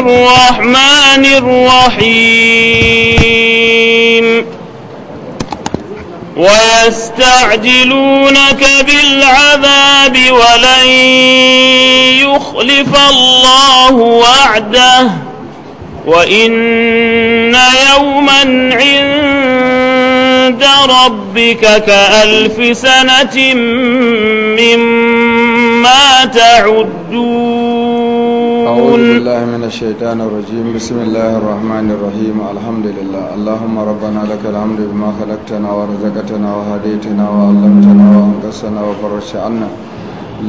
الرحمن الرحيم ويستعجلونك بالعذاب ولن يخلف الله وعده وإن يوما عند ربك كألف سنة مما تعدون أعوذ بالله من الشيطان الرجيم بسم الله الرحمن الرحيم الحمد لله اللهم ربنا لك الحمد بما خلقتنا ورزقتنا وهديتنا وعلمتنا وأنقذتنا وفرجت عنا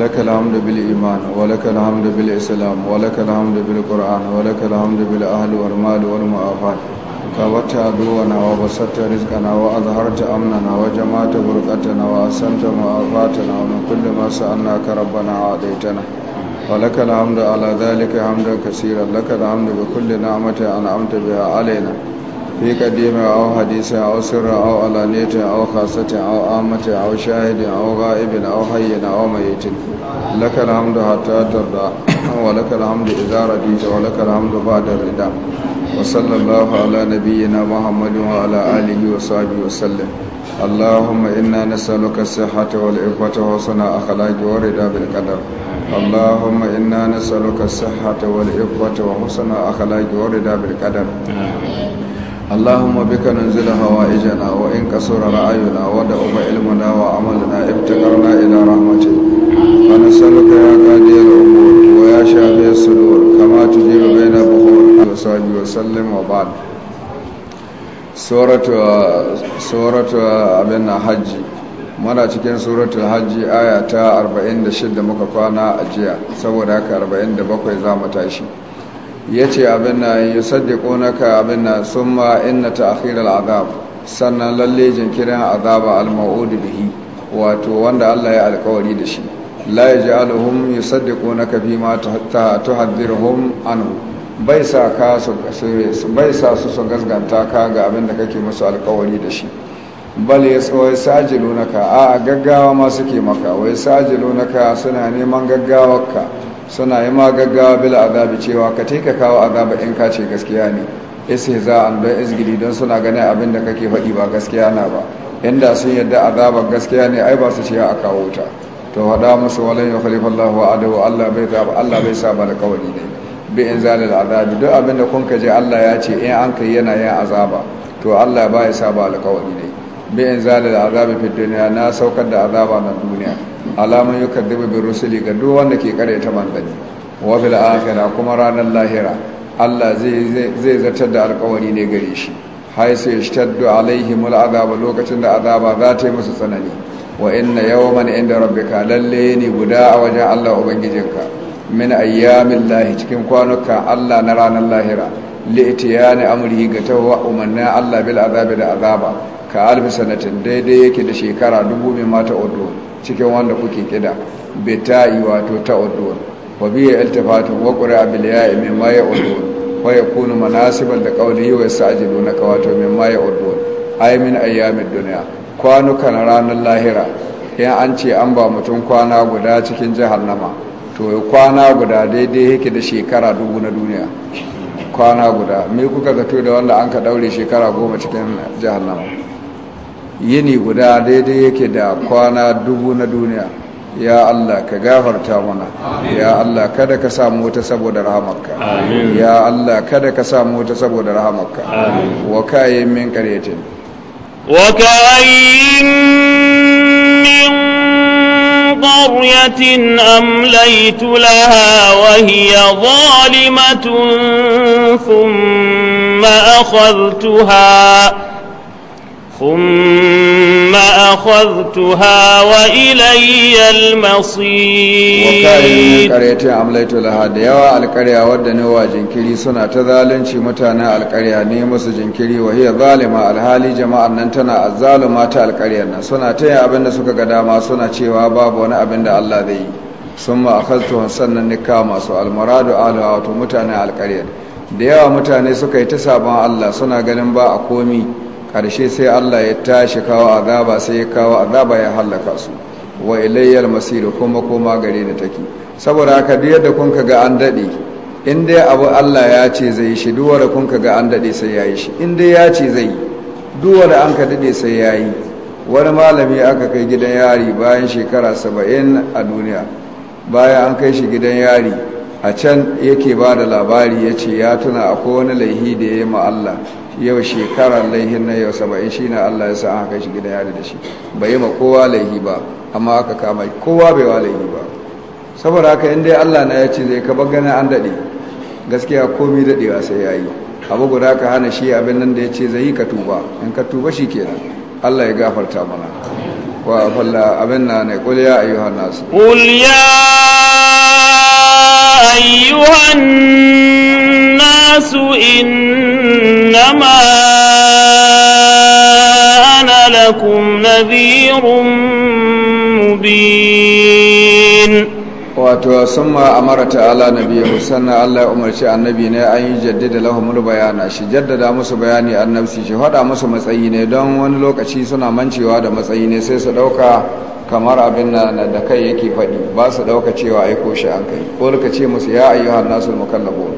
لك الحمد بالإيمان ولك الحمد بالإسلام ولك الحمد بالقرآن ولك الحمد بالأهل والمال والمعافات كبت عدونا وبسطت رزقنا وأظهرت أمننا وجمعت بركتنا وأحسنت معافاتنا ومن كل ما سألناك ربنا عاديتنا ولك الحمد على ذلك حمدا كثيرا لك الحمد بكل نعمة أنعمت بها علينا في قديم أو حديث أو سر أو علانية أو خاصة أو عامة أو شاهد أو غائب أو حي أو ميت لك الحمد حتى ترضى ولك الحمد إذا رضيت ولك الحمد بعد الرضا وصلى الله على نبينا محمد وعلى آله وصحبه وسلم اللهم إنا نسألك الصحة والعفة وحسن أخلاق ورضا بالقدر اللهم إنا نسألك الصحة والإقوة وحسن أخلاق ورضا بالقدر اللهم بك ننزل هوائجنا وإن كسر رأينا ودعو علمنا وعملنا ابتكرنا إلى رحمتك ونسألك يا قاضي الأمور ويا شافي الصدور كما تجيب بين بخور وصحبه وسلم وبعد سورة سورة أبن حجي muna cikin suratul hajji aya ta 46 muka kwana a jiya saboda haka 47 za mu tashi ya ce abin na yi saddiko na abin na sun ma inna ta akhirar azab sannan lalle jinkirin azaba al bihi wato wanda Allah ya alkawari da shi la ya ji alhum yi saddiko na ma ta tuhaddirhum anu bai sa su su gasganta ka ga abin da kake musu alkawari da shi bal ya tsawai sajilu na ka a gaggawa ma suke maka wai sajilu na ka suna neman gaggawarka suna yi ma gaggawa bil azabi cewa ka teka kawo azaba in ka ce gaskiya ne isi za an don izgili don suna ganin abin da kake faɗi ba gaskiya na ba inda sun yadda azabar gaskiya ne ai ba su ce a kawo ta to hada musu walan ya khalifa Allah wa adahu Allah bai zaba Allah bai saba da kawari ne bi inzalil azabi duk abin da kun ka je Allah ya ce in an kai yana yin azaba to Allah ba ya saba da kawari ne bi in zali da azabi fi duniya na saukar da azaba na duniya alamun yukaddibu bi rusuli ga duk wanda ke kare ta mangani wa fil akhirah kuma ranar lahira Allah zai zartar da alkawari ne gare shi hai sai alaihi alaihim azaba lokacin da azaba za ta yi musu tsanani wa inna mana inda rabbika lalle ne guda a wajen Allah ubangijinka min ayyamin lahi cikin kwanuka Allah na ranar lahira li'tiyani amri ga tawwa umanna Allah bil azabi da azaba ka alfi sanatin daidai yake da shekara dubu mai mata uddu cikin wanda kuke kida bita'i wato ta uddu wa bi iltifatu wa qura bil ya'i min ma ya wa yakunu manasiban da qawli wa sajidu na kawato min ma ya oddo ay min ayyamid dunya kwanukan ranar lahira in an ce an ba mutum kwana guda cikin jahannama to kwana guda daidai yake da shekara dubu na duniya kwana guda me kuka zato da wanda an ka daure shekara goma cikin jahannama yini guda daidai yake da kwana dubu na duniya ya Allah ka gafarta mana ya Allah kada ka samu wata saboda rahamarka ya Allah kada ka samu wata saboda rahamarka wa kayan min qaryatin wa kayan min قرية أمليت لها وهي ظالمة ثم أخذتها ثم أخذتها وإلي المصير وكاين القرية عملت لها ديوا القرية ودن وجنكري سنة تذالن شي متانا القرية نيمس جنكري وهي ظالمة الحالي جماعة ننتنا الظالمة القرية سنة تيا أبن سكا قداما سنة شيوا باب وانا أبن الله ذي ثم أخذتهم سنة نكاما سؤال مراد أهلها وتمتانا القرية da yawa mutane suka yi ta sabon Allah suna ganin ba a komi Karshe sai Allah ya tashi kawo azaba sai ya kawo azaba ya hallaka su wa ilayyar masiru kuma koma gare da take saboda haka duk yadda kun ga an dade in dai abu Allah ya ce zai shi duwara kun ga an dade sai yayi shi in dai ya ce zai duwara an ka dade sai yayi wani malami aka kai gidan yari bayan shekara 70 a duniya bayan an kai shi gidan yari a can yake ba da labari ya ce ya tuna akwai wani laihi da ya yi ma Allah yau shekara laihin na yau saba'in shi na Allah ya sa an haka shi gidan yari da shi bai yi ma kowa laihi ba amma aka kama kowa bai wa laihi ba saboda haka in dai Allah na ya ce zai ka bagana an daɗe gaskiya komi daɗewa sai ya yi abu guda ka hana shi abin nan da ya ce zai yi ka tuba in ka tuba shi kenan Allah ya gafarta mana وفل أبنا نقول يا أيها الناس قل يا أيها الناس إنما أنا لكم نذير مبين wato sun ma amara ta'ala nabi sannan Allah ya umarci annabi ne an yi jaddada lahumul bayana shi jaddada musu bayani annabci shi hada musu matsayi ne don wani lokaci suna mancewa da matsayi ne sai su ɗauka kamar abin na da kai yake faɗi ba su ɗauka cewa aiko shi an kai ko ka ce musu ya ayyuhan nasu mukallabo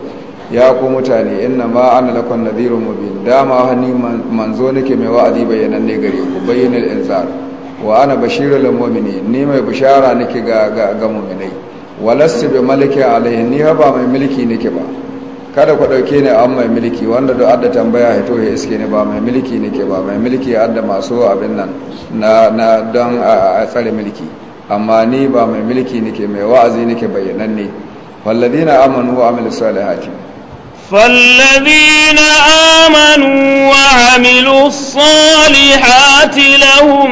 ya ku mutane inna ma ana lakon nadhirun mubin dama hani manzo nake mai wa'azi bayyananne gare ku bayyana inzar wa ana bashirar ne ni mai bishara nake ga ga mu'minai walasti bi maliki alaihi ni ba mai mulki nake ba kada ku dauke ni an mai mulki wanda da adda tambaya hito ya iske ne ba mai mulki nake ba mai mulki adda masu abin nan na na don a tsare mulki amma ni ba mai mulki nake mai wa'azi nake bayyananne walladina amanu wa amilu salihati فالذين آمنوا وعملوا الصالحات لهم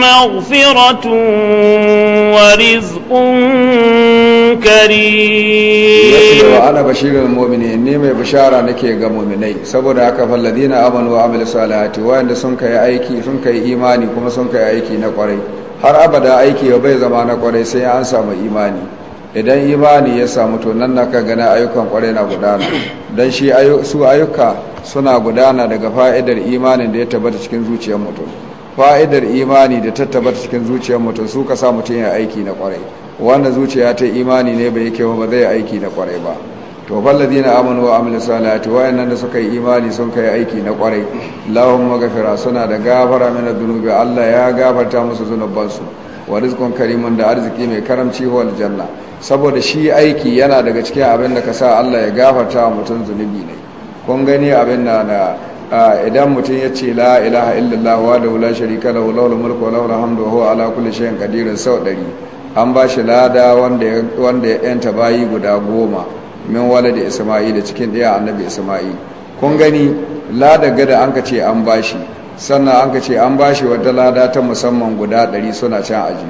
مغفرة ورزق كريم وأنا بشير المؤمنين نيمة بشارة نكي muminai, saboda haka أكف amanu wa وعمل صالحات wanda سنك sun kai imani kuma sun kai aiki na kwarai har abada aiki ya bai zama na kwarai sai an samu imani idan imani ya samu to nan naka gana ayyukan kwarai na gudana don shi su ayyuka suna gudana daga fa'idar imanin da ya tabbata cikin zuciyar mutum fa'idar imani da tattabar cikin zuciyar mutum su ka sa mutum ya aiki na kwarai wannan zuciya ta imani ne bai yake ba zai aiki na kwarai ba to fallazi na amanu wa ce salati wayannan da suka yi imani sun kai aiki na kwarai lahum maghfira suna da gafara min zunubi Allah ya gafarta musu zunubansu wa rizqun karimun da arziki mai karamci wa aljanna saboda shi aiki yana daga cikin abin da ka sa Allah ya gafarta wa mutum zunubi ne kun gani abin da idan mutum ya ce la ilaha illallah wa da wula sharika wula wula mulku wula wula hamdu wa ala kulli shay'in kadirin sau ɗari an ba shi lada wanda ya yanta bayi guda goma min isma'i da cikin ɗaya annabi isma'il kun gani lada gada an ka ce an ba shi sannan an ka ce an ba shi wata lada ta musamman guda ɗari suna can aji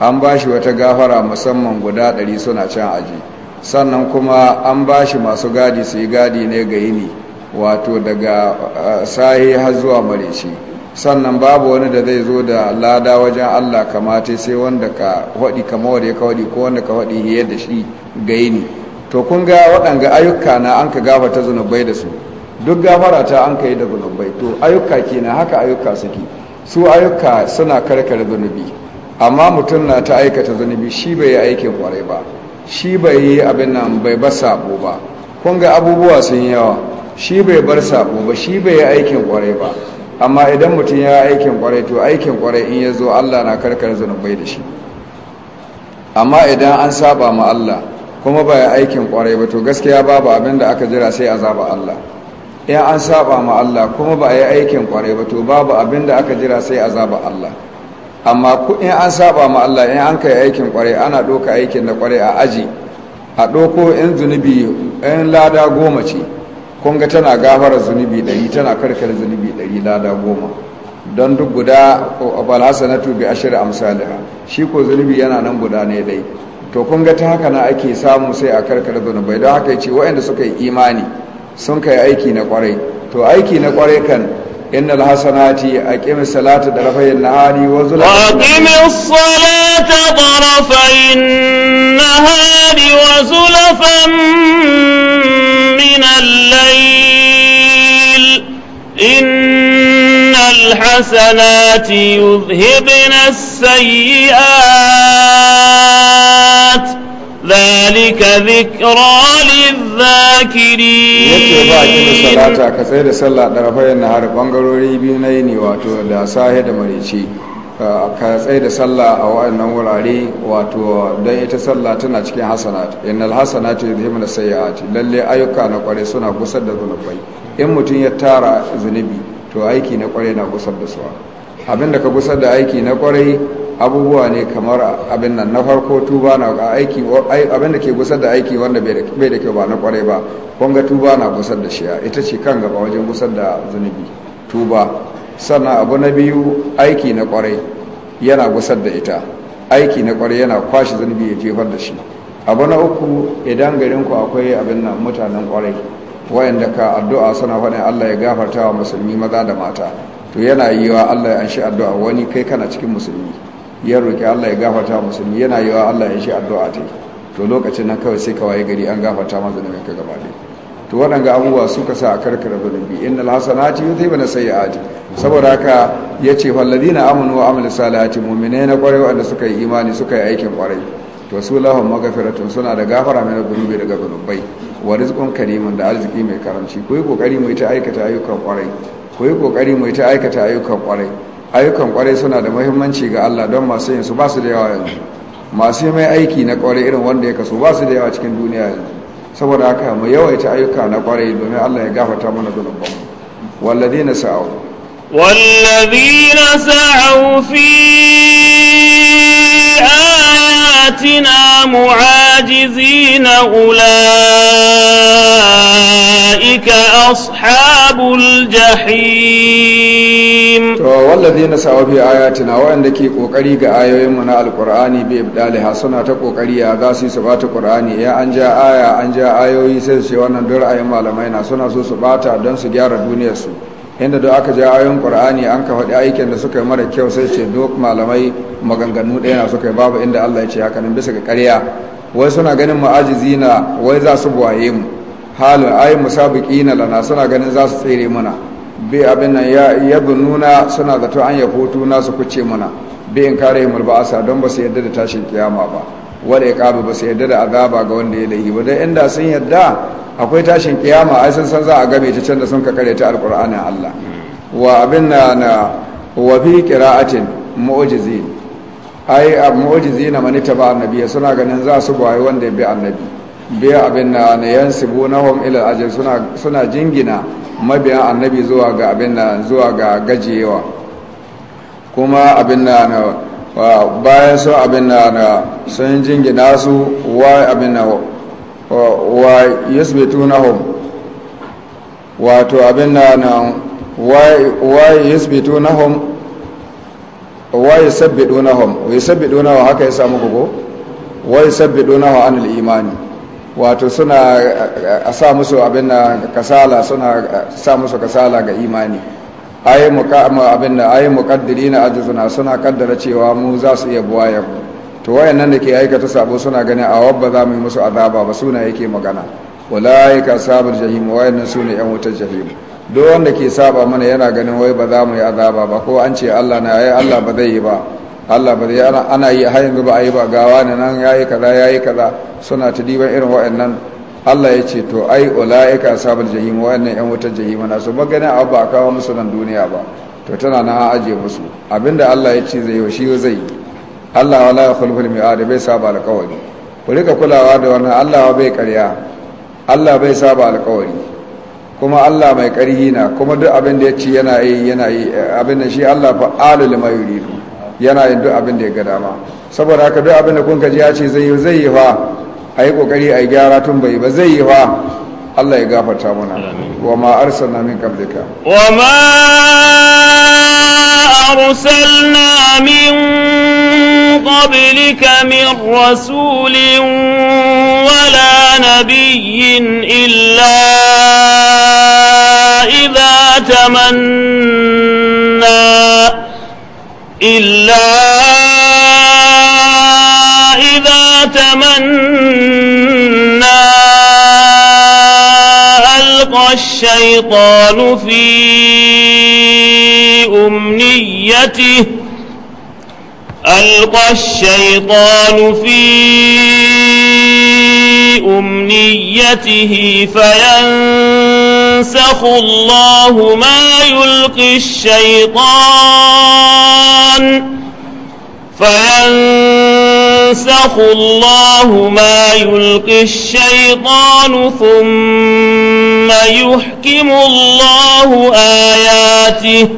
an ba shi wata gafara musamman guda ɗari suna can aji sannan kuma an ba shi masu gadi su yi gadi ne ga yini wato daga eh, sahi har zuwa mareci sannan babu wani da zai zo da lada wajen Allah kamata sai wanda ka haɗi kama wanda ka haɗi ko wanda ka haɗi hiyar da shi gaini to kun ga waɗanga ayyuka na an ka gafata zunubai da su duk gafara ta an ka yi da zunubai to ayyuka kenan haka ayyuka suke su ayyuka suna karkar zunubi amma mutum na ta aikata zunubi shi bai yi aikin kwarai ba shi bai yi abin nan bai ba sabo ba kun ga abubuwa sun yawa shi bai bar sabo ba shi bai yi aikin kwarai ba amma idan mutum ya aikin kwarai to aikin kwarai in ya zo allah na karkar zunubai da shi amma idan an saba ma allah kuma ba ya aikin kwarai ba to gaskiya babu abin da aka jira sai azaba allah in an saba ma allah kuma ba ya aikin kwarai ba to babu abin da aka jira sai azaba allah amma in an saba ma allah in an kai aikin kwarai ana ɗauka aikin da kwarai a aji a ɗauko in zunubi in lada goma ce kun ga tana gafara zunubi ɗari tana karkar zunubi ɗari lada goma don duk guda balhasanatu bi ashir amsalha shi ko zunubi yana nan guda ne dai to kun ga ta haka na ake samu sai a karkar zunubai don haka ce waɗanda suka yi imani sun kai aiki na kwarai to aiki na kwarai kan إن الحسنات أقم الصلاة طرفي النهار وزلفا وأقم na طرفي النهار الحسنات يذهبن السيئات ذلك yace ba ki salata ka sai da sallah da rafayin nahar bangarori biyu na yini wato da sahi da marici ka tsaye da sallah a wa'annan wurare wato don ita sallah tana cikin hasanat innal hasanat yuzhibu sayyi'at lalle ayyuka na kware suna kusa da zunubai in mutum ya tara zunubi to aiki na kwarai na gusar da suwa abinda ka gusar da aiki na kwarai abubuwa ne kamar abin nan na farko tuba na aiki abinda ke gusar da aiki wanda bai da kyau ba na kwarai ba kwanga tuba na gusar da shiya ita ce kan gaba wajen gusar da zunubi tuba sannan abu na biyu aiki na kwarai yana gusar da ita aiki na kwarai yana kwashe zunubi ya jefar da shi abu na uku idan garinku akwai abin nan mutanen kwarai wayanda ka addu'a suna faɗin Allah ya gafarta wa musulmi maza da mata to yana yiwa Allah ya anshi addu'a wani kai kana cikin musulmi ya roki Allah ya gafarta wa musulmi yana yiwa Allah ya anshi addu'a ta to lokacin nan kawai sai ka waye gari an gafarta ma da ka gaba to waɗanga abubuwa suka sa a karkara zunubi innal hasanati yuthibu sayyi'ati saboda haka yace walladina amanu wa amilu salihati mu'minai na kwarai wanda suka yi imani suka yi aikin kwarai to su lahum maghfiratun suna da gafara mai zunubi daga zunubai wa rizqun kariman da arziki mai karanci, ku yi kokari mu ta aikata ayyukan kwarai kokari mai ta aikata ayyukan kwarai ayyukan kwarai suna da muhimmanci ga Allah don masu yin su ba su da yawa yanzu masu mai aiki na kwarai irin wanda ya kaso ba su da yawa cikin duniya yanzu saboda haka mu yawaita ayyuka na kwarai domin Allah ya gafarta mana zunuban walladina sa'u walladina sa'u fi آياتنا معاجزين أولئك أصحاب الجحيم والذين سعوا في آياتنا وإن دكي قوكري آية من القرآن بإبدالها سنة قوكري غاسي سبات القرآن يا أنجا آية أنجا آية يسير شوانا در آية مالمين سنة سبات دنس جار الدنيا سنة inda da aka je ayoyin qur'ani an ka faɗi aikin da suka yi mara kyau sai ce duk malamai maganganu ɗaya na suka yi babu inda Allah ya ce haka nan bisa ga ƙarya wai suna ganin ma'ajizi na wai za su buwaye mu halin ayi musabiqina lana suna ganin za su tsere mana bi abin nan ya nuna suna zato an yahutu na su kuce mana bi in kare mulba'asa don ba su yadda da tashin kiyama ba wala iqabu ba su yarda da azaba ga wanda ya laihi ba Don inda sun yarda akwai tashin kiyama ai sun san za a game ta can da sun ka ta alqur'anin Allah wa abin na na wa fi qira'atin mu'jizin ai mu'jizin man ba annabi suna ganin za su bayi wanda ya bi annabi Biya abin na na yansibunahum ila ajr suna suna jingina mabiyan annabi zuwa ga abin na zuwa ga gajewa kuma abin na Wa bayan su abin na sun jingina su wa abin na wa yasbitu na hum wato abin na na wa yasbitu na hum wa yasabbidu na hum wa yasabbidu na haka ya samu gugu wa sabbidu na hum anil imani wato suna a sa musu abin na kasala suna sa musu kasala ga imani ai muqama abinda ai muqaddirina ajzuna suna kaddara cewa mu za su iya buwaya to wayannan da ke aikata sabo suna ganin a wabba za mu yi musu azaba ba suna yake magana ulaika ashabul jahim wayannan sune yan wutar jahim duk wanda ke saba mana yana ganin wai ba za mu yi azaba ba ko an ce Allah na yi Allah ba zai yi ba Allah ba zai ana yi har yanzu ba a yi ba gawa ne nan yayi kaza yayi kaza suna ta diban irin wayannan Allah ya ce to ai ula'ika ashabul jahim wa'annan yan wutar jahim na su maganin abu ba kawo musu nan duniya ba to tana na aje musu abinda Allah ya ce zai shi zai Allah wala khulful mi'ad bai saba alƙawari ku rika kulawa da wannan Allah bai ƙarya Allah bai saba alƙawari kuma Allah mai ƙarhi na kuma duk abin da ya ce yana yi yana yi abin da shi Allah fa'alul mayuridu yana yin duk abin da ya ga dama saboda haka duk abin da kun ji ya ce zai yi zai yi fa a yi kokari a gyara tun bai ba zai yi wa Allah ya gafarta mana wa ma arsalna min qablika wa ma arsalna min qablika min rasulin wala nabiyin illa idza tamanna illa أنا ألقى الشيطان في أمنيته ألقى الشيطان في أمنيته فينسخ الله ما يلقي الشيطان فينسخ ينسخ الله ما يلقي الشيطان ثم يحكم الله آياته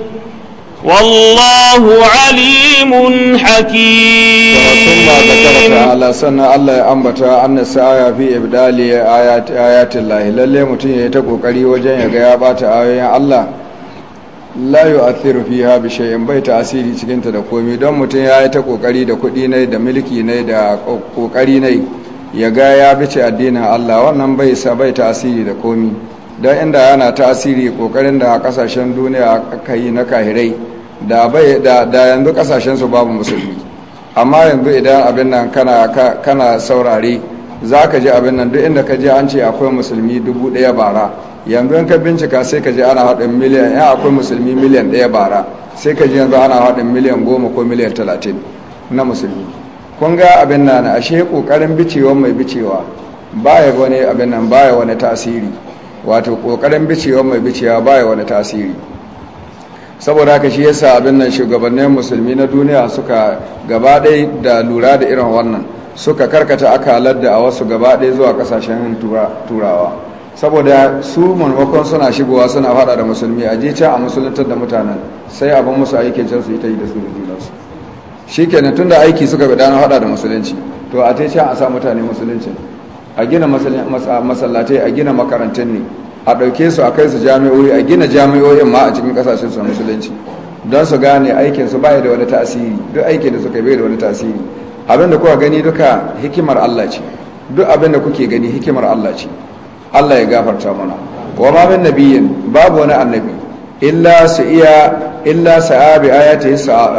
والله عليم حكيم ثم ذكر تعالى سنة الله يأمبتا أن السعي في إبدال آيات, آيات الله للي متين يتقو قريبا جنيا قيابات آيات الله la fi fiha bi shay'in bai ta asiri cikinta da komi don mutum ya yi ta kokari da kuɗi ne da mulki ne da kokari ne ya ga ya bice addinin Allah wannan bai sa bai asiri da komi don inda yana ta asiri kokarin da kasashen duniya aka yi na kahirai da yanzu kasashen su babu musulmi amma yanzu idan abin nan kana kana saurare zaka ji abin nan duk inda ka je an ce akwai musulmi dubu daya bara yanzu in ka bincika sai ka ji ana haɗin miliyan ya akwai musulmi miliyan ɗaya bara sai ka ji yanzu ana haɗin miliyan goma ko miliyan talatin na musulmi kun ga abin nan shi ƙoƙarin bicewa mai bicewa baya wani abin nan baya wani tasiri wato ƙoƙarin bicewa mai bicewa baya wani tasiri saboda haka shi yasa abin nan shugabannin musulmi na duniya suka gaba ɗaya da lura da irin wannan suka karkata akalar da a wasu gaba ɗaya zuwa ƙasashen turawa saboda su manwakon suna shigowa suna fada da musulmi a je can a musuluntar da mutanen sai abin musu aiki can su yi ta yi da su da junansu shi kenan tun da aiki suka bi dana fada da musulunci to a can a sa mutane musulunci a gina masallatai a gina makarantun ne a ɗauke su a kai su jami'o'i a gina jami'o'in ma a cikin ƙasashen su musulunci don su gane aikin su baya da wani tasiri duk aikin da suka bai da wani tasiri abin da kuka gani duka hikimar Allah ce duk abin da kuke gani hikimar Allah ce Allah ya gafarta mana wa ma min nabiyyin babu wani annabi illa su iya illa sa'abi ayati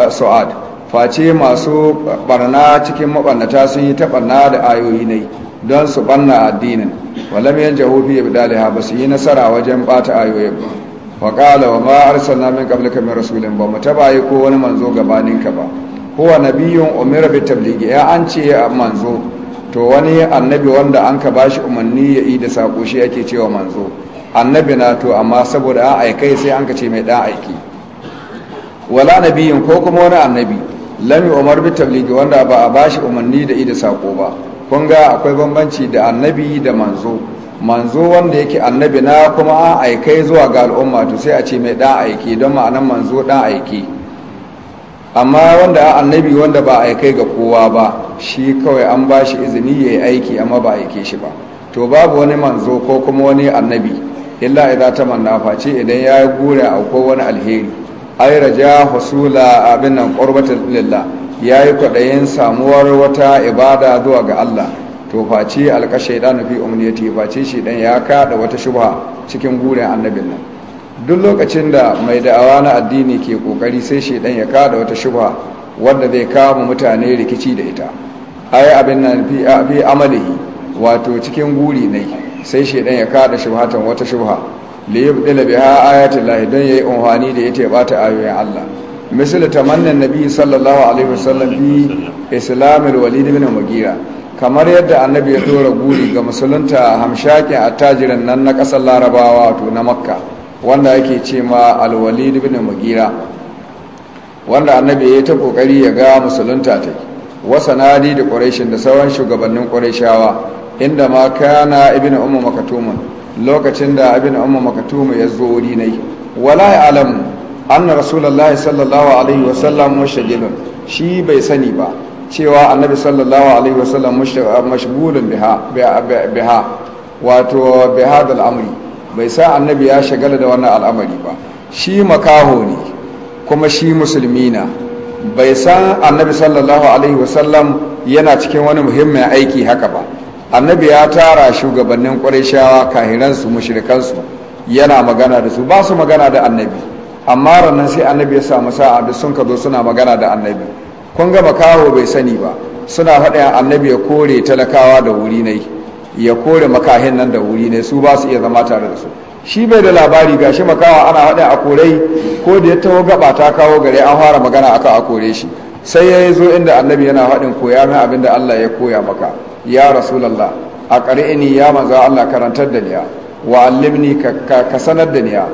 su'ad face masu barna cikin mabannata sun yi ta barna da ayoyi ne don su banna addinin walam yanjahu fi ibdaliha ba yi nasara wajen bata ayoyi ba wa qala wa ma arsalna min qablika min rasulin ba mu ko wani manzo gabaninka ba huwa nabiyyun umira bi tabligi ya an ce manzo to wani annabi wanda an ka bashi umarni ya yi da sako shi yake cewa manzo annabi na to amma saboda an aikai sai an ka ce mai dan aiki wala nabiyin ko kuma wani annabi Lami umar bi tabligi wanda ba a bashi umarni da yi da sako ba kun ga akwai bambanci da annabi da manzo manzo wanda yake annabi na kuma an aikai zuwa ga al'umma to sai a ce mai dan aiki don ma'anan manzo dan aiki amma wanda a annabi wanda ba a kai ga kowa ba shi kawai an ba shi izini ya yi aiki amma ba a aike shi ba to babu wani manzo ko kuma wani annabi illa idza tamanna face idan ya gure a ko wani alheri ai raja husula abin nan qurbatan lillah yayi kwadayin samuwar wata ibada zuwa ga Allah to face alka shaydanu fi umniyati face shi dan ya kaɗa wata shubha cikin guren annabin nan duk lokacin da mai da'awa na addini ke kokari sai shedan ya kada wata shubha wanda zai kama mutane rikici da ita ai abin nan fi amalihi wato cikin guri ne sai shedan ya kada shubhatan wata shubha li yubdila biha ayati llahi don yayi unhani da yake bata ayoyin Allah misali tamannan nabi sallallahu alaihi wasallam bi islamil walid ibn mugira kamar yadda annabi ya dora guri ga musulunta hamshakin attajirin nan na kasar larabawa wato na makka wanda ake ce ma alwali ibn magira wanda annabi ya ta kokari ya ga musulunta ta nadi da ƙwarashin da sauran shugabannin ƙwarashawa inda ma kana ibina ummu makatumun lokacin da ibn ummu makatumu ya zo wuri nai wala alamu An anna rasulullahi sallallahu alaihi wasallam mashagilun shi bai sani ba cewa annabi sallallahu alaihi wasallam mashagulun biha biha wato bihadal amri bai sa annabi ya shagala da wannan al'amari ba shi makaho ne kuma shi musulmi na bai san annabi sallallahu alaihi wasallam yana cikin wani muhimmin aiki haka ba annabi ya tara shugabannin ƙwarishawa kahiransu mushrikansu yana magana da su ba su magana da annabi amma ranar sai annabi ya samu sa'a da sun ka zo suna magana da annabi kun ga makaho bai sani ba suna haɗa annabi ya kore talakawa da wuri na yi ya kore makahin nan da wuri ne su ba su iya zama tare da su shi bai da labari ga shi makawa ana haɗin a korai ko da ya taho gaba ta kawo gare an fara magana aka a kore shi sai ya zo inda annabi yana haɗin koya min abin da allah ya koya maka ya rasulallah a ni ya maza allah karantar da niya wa allimni ka sanar da niya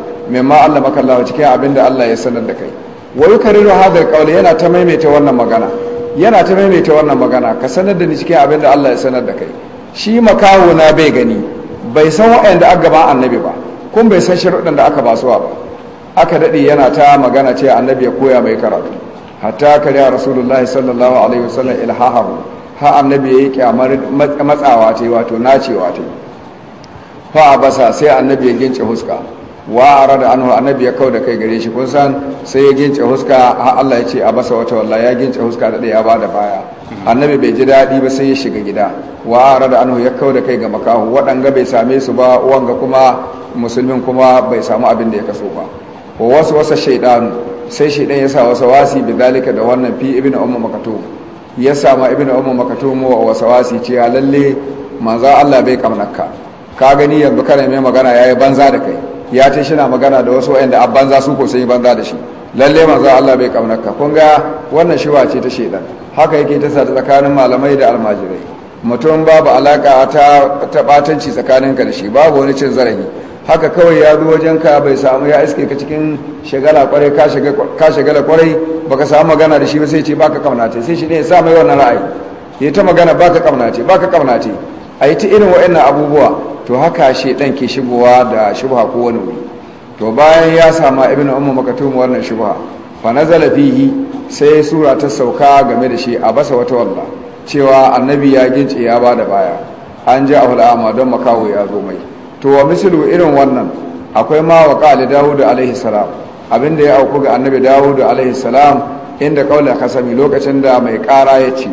ma allah makallawa cikin abin da allah ya sanar da kai wani yukariru hadal qawli yana ta maimaita wannan magana yana ta maimaita wannan magana ka sanar da ni cikin abin da allah ya sanar da kai shi makawo na bai gani bai san waɗanda aka gaba annabi ba kun bai san sharuɗan da aka ba suwa ba aka daɗe yana ta magana ce annabi ya koya mai karatu hatta a rasulullah sallallahu alaihi wasallam ilhahahu ha annabi ya yi kyamar matsawa ce wato nacewa ce fa basa sai annabi ya gince huska wa da anhu annabi ya kawo da kai gare shi kun san sai ya gince huska har Allah ya ce a basa wata wallahi ya gince huska da ya bada baya annabi bai ji dadi ba sai ya shiga gida wa da anhu ya kawo da kai ga makahu wadanga bai same su ba wanga kuma musulmin kuma bai samu abin da ya kaso ba wa wasu wasa shaidan sai shaidan ya sa wasa wasi bi zalika da wannan fi ibnu ummu makatum ya sama ibnu ummu makatum wa wasa wasi ce lalle manzo Allah bai kamnaka ka gani yanzu kana mai magana yayi banza da kai ya ce shi na magana da wasu wa'anda a banza su ko sai banza da shi lalle manzo Allah bai kaunar ka kun ga wannan shiwa ce ta shedan haka yake ta sata tsakanin malamai da almajirai mutum babu alaka ta ta batanci ka da shi babu wani cin zarafi haka kawai ya zo wajen ka bai samu ya iske ka cikin shagala kwarai ka shagala kwarai baka samu magana da shi ba sai ce baka kaunace sai shi ne ya sa mai wannan ra'ayi ya ta magana baka kaunace baka kaunace a yi ta irin wa'annan abubuwa to haka shi ɗan ke shigowa da shubha ko wani wuri to bayan ya sama ibnu ummu makatum wannan shubha fa nazala fihi sai sura ta sauka game da shi a basa wata walla cewa annabi ya gince ya bada baya an ji ahul ama don makawo ya zo mai to wa mislu irin wannan akwai ma wa qali daud alaihi salam abinda ya auku ga annabi daud alaihi salam inda kaula kasami lokacin da mai kara ya ce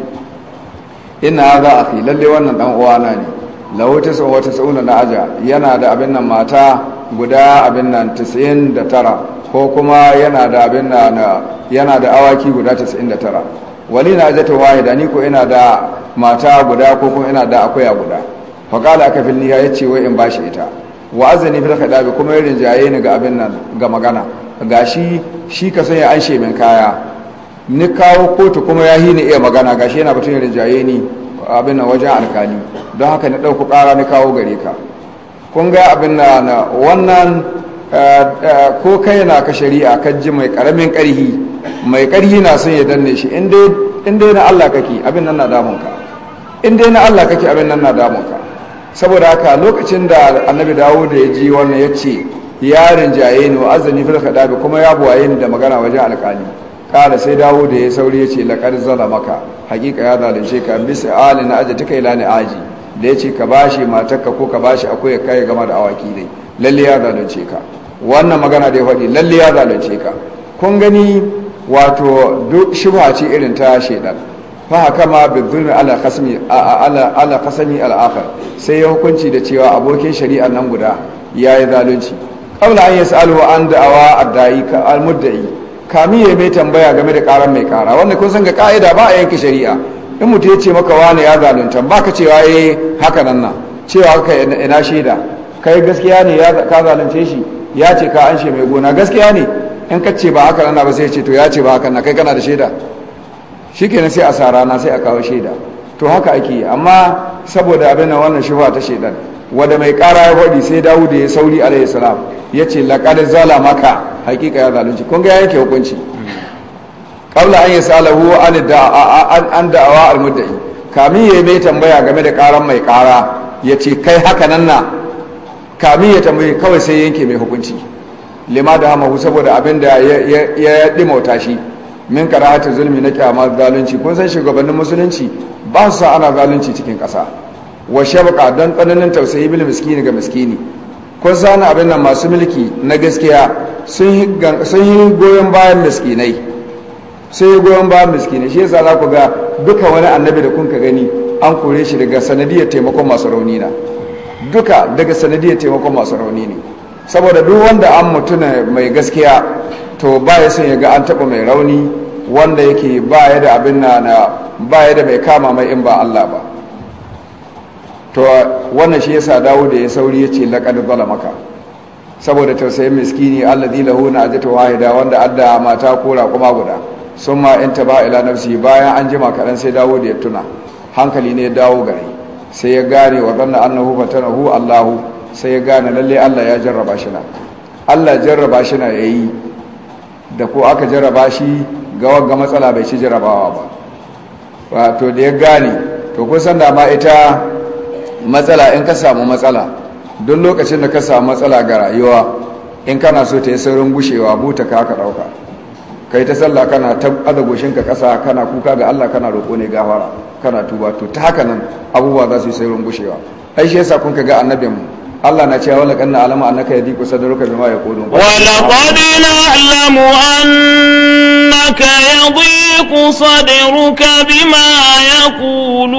inna hadha akhi lalle wannan dan uwana ne lahu tisa wa tis'una na aja yana da abin nan mata guda abin nan tis'in da tara ko kuma yana da abin nan yana da awaki guda tis'in da tara wani na ajata wahida ni ko ina da mata guda ko kuma ina da akuya guda faƙala aka fil niha ya ce wai in bashi ita wa azani fil khadabi kuma yarin jaye ni ga abin nan ga magana gashi shi ka sanya an shemin kaya ni kawo kotu kuma ya hini iya magana gashi yana batun yarin jaye ni abin na wajen alkali don haka na ɗauku ƙara na kawo gare ka kun ga abin na wannan eh, eh, ko kai na ka shari'a kan ji mai ƙaramin ƙarhi mai ƙarhi na son ya danne shi in dai na Allah kake abin nan na damunka in dai na Allah kake abin nan na damunka saboda haka lokacin da annabi dawo da ya ji wannan ya ce yarin jaye ne wa azani fil khadabi kuma ya buwaye ni da magana wajen alkali kala sai dawo da ya sauri ya ce laƙar zala maka hakika ya zalunce ka bisa alin na aji tuka ilani aji da ya ce ka bashi matarka ko ka bashi akwai ka gama da awaki dai lalle ya zalunce ka wannan magana da ya faɗi lalle ya zalunce ka kun gani wato duk shubha ce irin ta shaidan fa haka ma bibdun ala ala ala sai ya hukunci da cewa abokin shari'a nan guda yayi zalunci qabla an yasalu an da'awa a dai ka al-mudda'i kami ya mai tambaya game da karan mai kara wanda kun san ga ka'ida ba a yanke shari'a in mutum ya ce maka wani ya zalunta ba ka cewa ya eh, yi haka nan na cewa ka ina shaida kai gaskiya ne ka zalunce shi ya ce ka an mai gona gaskiya ne in ka ce ba haka nan ba sai ce to ya ce ba haka nan kai kana da shaida shikenan sai a sa rana sai a kawo shaida to haka ake yi amma saboda abin nan wannan shufa ta shaidan wanda mai kara ya faɗi sai dawuda ya sauri alaihi salam ya ce laƙar zala maka hakika ya zalunci kun ga yanke hukunci kabla an yi salahu an da'awa al-mudda'i ya yi mai tambaya game da karan mai kara yace kai haka nan na kamin ya tambaye kawai sai yanke mai hukunci lima da hamahu saboda abin da ya mauta shi min karahatu zulmi na kyama zalunci kun san shugabannin musulunci ba su sa ana zalunci cikin ƙasa wa shabaka don tsananin tausayi bil miskini ga miskini kun sani abin nan masu mulki na gaskiya sun yi goyon bayan miskinai sun yi goyon bayan miskinai shi yasa za ku ga duka wani annabi da kun ka gani an kore shi daga sanadiyar taimakon masu rauni na duka daga sanadiyar taimakon masu rauni ne saboda duk wanda an mutuna mai gaskiya to ba ya son ya ga an taba mai rauni wanda yake ba ya da abin na ba ya da mai kama mai in ba Allah ba to wannan shi yasa dawo da ya sauri ya ce laƙad zalamaka saboda tausayin miskini allazi lahu na ajata wahida wanda adda mata ko raƙuma guda sun ma in taba ila nafsi bayan an jima kaɗan sai dawo da ya tuna hankali ne ya dawo gari sai ya gane wa zanna annahu fatanahu allahu sai ya gane lalle allah ya jarraba shi na allah jarraba shi na yayi da ko aka jarraba shi ga wagga matsala bai ci jarrabawa ba wato da ya gane to kun san da ma ita matsala in ka samu matsala don lokacin da ka samu matsala ga rayuwa in kana so ta yi saurin gushewa buta ka ka dauka yi ta tsalla kana ta adagoshin ka kasa kana kuka ga Allah kana roƙo ne gafara kana tuba to ta haka nan abubuwa za su yi saurin gushewa ai shi yasa kun ga annabinmu Allah na cewa wala kanna alama annaka yadiku sadruka bima yaqulun wala qadina alamu annaka da sadruka bima kulun?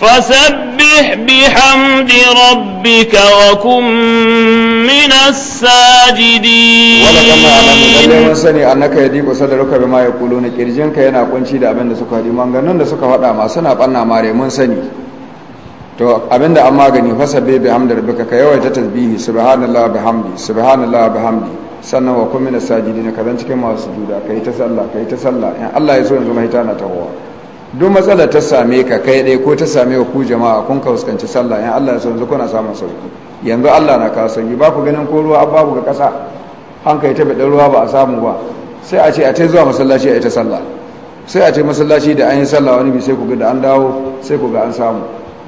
فسبح بحمد ربك وكن من الساجدين ولكن sani annaka yadiku sadruka bima yaquluna kirjinka yana kunci da abin da suka ji maganganun da suka faɗa ma suna banna mare mun sani to abin da an magani fasabbi bihamdi rabbika ka ta tasbihi subhanallah bihamdi subhanallah bihamdi sannan wa kun min as-sajidin ka zan cikin masu sujuda kai ta sallah kai ta sallah in Allah ya so yanzu mahita na tawowa duk matsala ta same ka kai ɗaya ko ta same wa ku jama'a kun ka fuskanci sallah in Allah ya sanzu kuna samun sauki yanzu Allah na kawo sauki ba ku ganin ko ruwa an babu ga ƙasa an kai ta ɗan ruwa ba a samu ba sai a ce a ta zuwa masallaci a ita sallah sai a ce masallaci da an yi sallah wani bi sai ku ga da an dawo sai ku ga an samu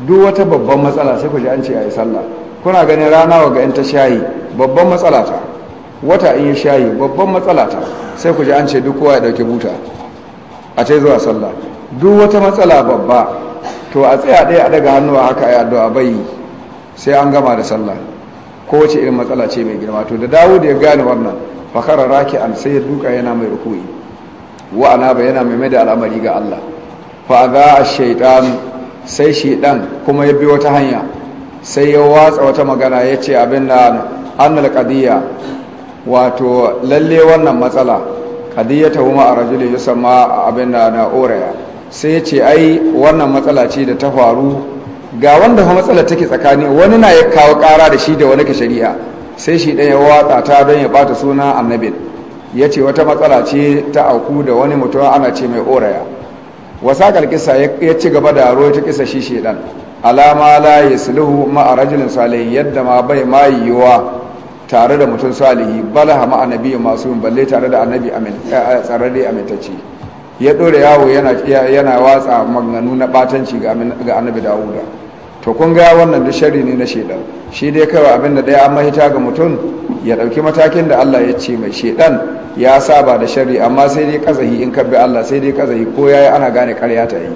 duk wata babban matsala sai ku ji an ce a yi sallah kuna ganin rana wa ga 'yan ta shayi babban matsala ta wata in yi shayi babban matsala ta sai ku ji an ce duk kowa ya ɗauki buta a ce zuwa sallah duk wata matsala babba to a tsaya ɗaya a daga a haka a addu'a bai sai an gama da sallah ko wace irin matsala ce mai girma to da dawo da ya gane wannan fakara raki an sai ya duka yana mai rukui wa ba yana mai da al'amari ga Allah fa ga shaitan sai shaitan kuma ya bi wata hanya sai ya watsa wata magana ya ce abin da annal qadiya wato lalle wannan matsala ta huma a rajuli yusamma abin da na oraya sai ya ce ai wannan matsala ce da ta faru ga wanda fa matsala take tsakani wani na ya kawo kara da shi da wani ka shari'a sai shi ɗaya watsa ta don ya bata suna annabi ya ce wata matsala ce ta auku da wani mutum ana ce mai oraya wasakar kisa ya ci gaba da ruwa ta kisa shi shedan alama la yasluhu ma rajulin salihin yadda ma bai ma yiwuwa tare da mutum salihi bala hama annabi masu yin balle tare da annabi eh, eh, tsararre amintacce ya ɗora yawo yana watsa maganganu na batanci ga annabi dawuda to kun ga wannan da shari ne na shedan shi dai kawai abin da ɗaya an mahita ga mutum ya ɗauki matakin da allah ya ce mai shedan ya saba da shari amma sai dai kazahi in bi allah sai dai kazahi ko yayi ana gane karya ta yi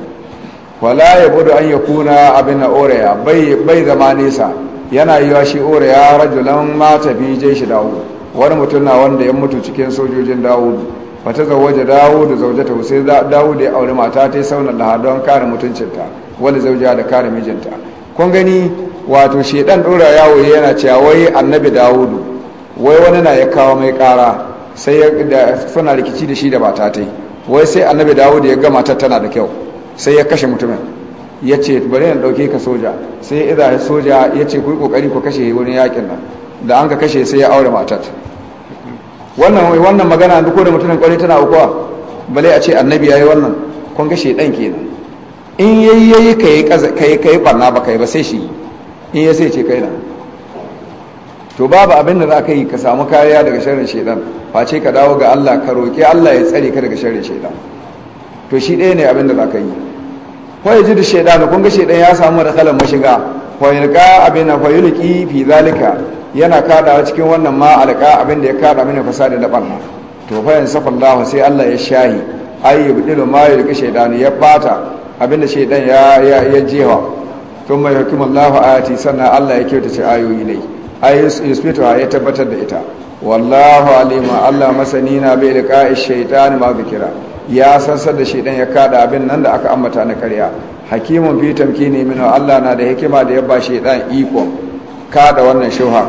wala ya budu an ya kuna abin na oraya bai zama nesa yana yiwa shi ore ya rajulan mata fi shi dawud wani mutum na wanda ya mutu cikin sojojin dawud wata zawaje dawud ta sai dawud ya aure mata ta yi saunar laha don kare mutuncinta wani zauja da kare mijinta kun gani wato shedan dora yawo yana cewa wai annabi dawudu wai wani na ya kawo mai kara sai da suna rikici da shi da mata ta wai sai annabi dawud ya ga matar tana da kyau sai ya kashe mutumin ya ce bari na ɗauke ka soja sai ya iza soja ya ce kuri kokari ƙoƙari ku kashe wurin yakin nan da an ka kashe sai ya aure matat wannan wannan magana duk da mutumin ƙwarai tana ukuwa bale a ce annabi ya yi wannan kun kashe dan kenan in yayi yayi ka yi ka yi ɓarna ba kai ba sai shi in ya sai ce kai na to babu abin da za ka yi ka samu kariya daga sharrin shaidan face ka dawo ga allah ka roƙi allah ya tsare ka daga sharrin shaidan to shi ɗaya ne abin da za ka yi ji da shaidan kun ga shaidan ya samu da kalan mashiga fa yulqa abin fi zalika yana kadawa cikin wannan ma alqa abin da ya kada mini fasadi da barna to fa yansafa Allah sai Allah ya shahi ay yubdilu ma yulqi shaidan ya bata abin da shaidan ya ya jewa to mai Allah ayati sannan Allah ya kyautace ayoyi ne ay yusbitu ya tabbatar da ita wallahu alima Allah masanina bi liqa'i shaytan ma bikira. ya sansar da shedan ya kada abin nan da aka ambata na karya hakimun fi tamkini min Allah na da hikima da ya ba shedan iko kada wannan shuha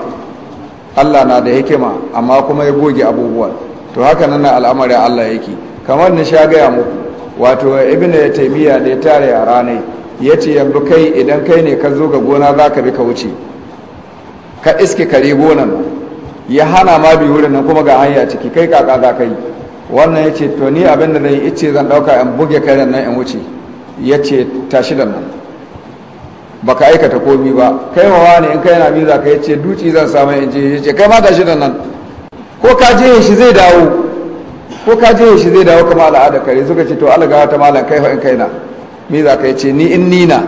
Allah na da hikima amma kuma ya goge abubuwan to haka nan al'amari Allah yake kamar ni sha gaya muku wato ibn taymiya da ya tare yara ne yace yanzu kai idan kai ne ka zo ga gona zaka bi ka wuce ka iske kare gonan ya hana ma bi wurin nan kuma ga hanya ciki kai kaka za ka yi wannan ya ce to ni abin da zai ice zan ɗauka in buge kai nan in wuce ya ce tashi da nan ba ka aikata komi ba kai wa wani in kai na miza ka yace duci zan samu in je ya ce kai ma tashi da nan ko ka je shi zai dawo ko ka je shi zai dawo kama al'ada kare suka ce to alaga ta malam kai in kai na miza ka yace ni in nina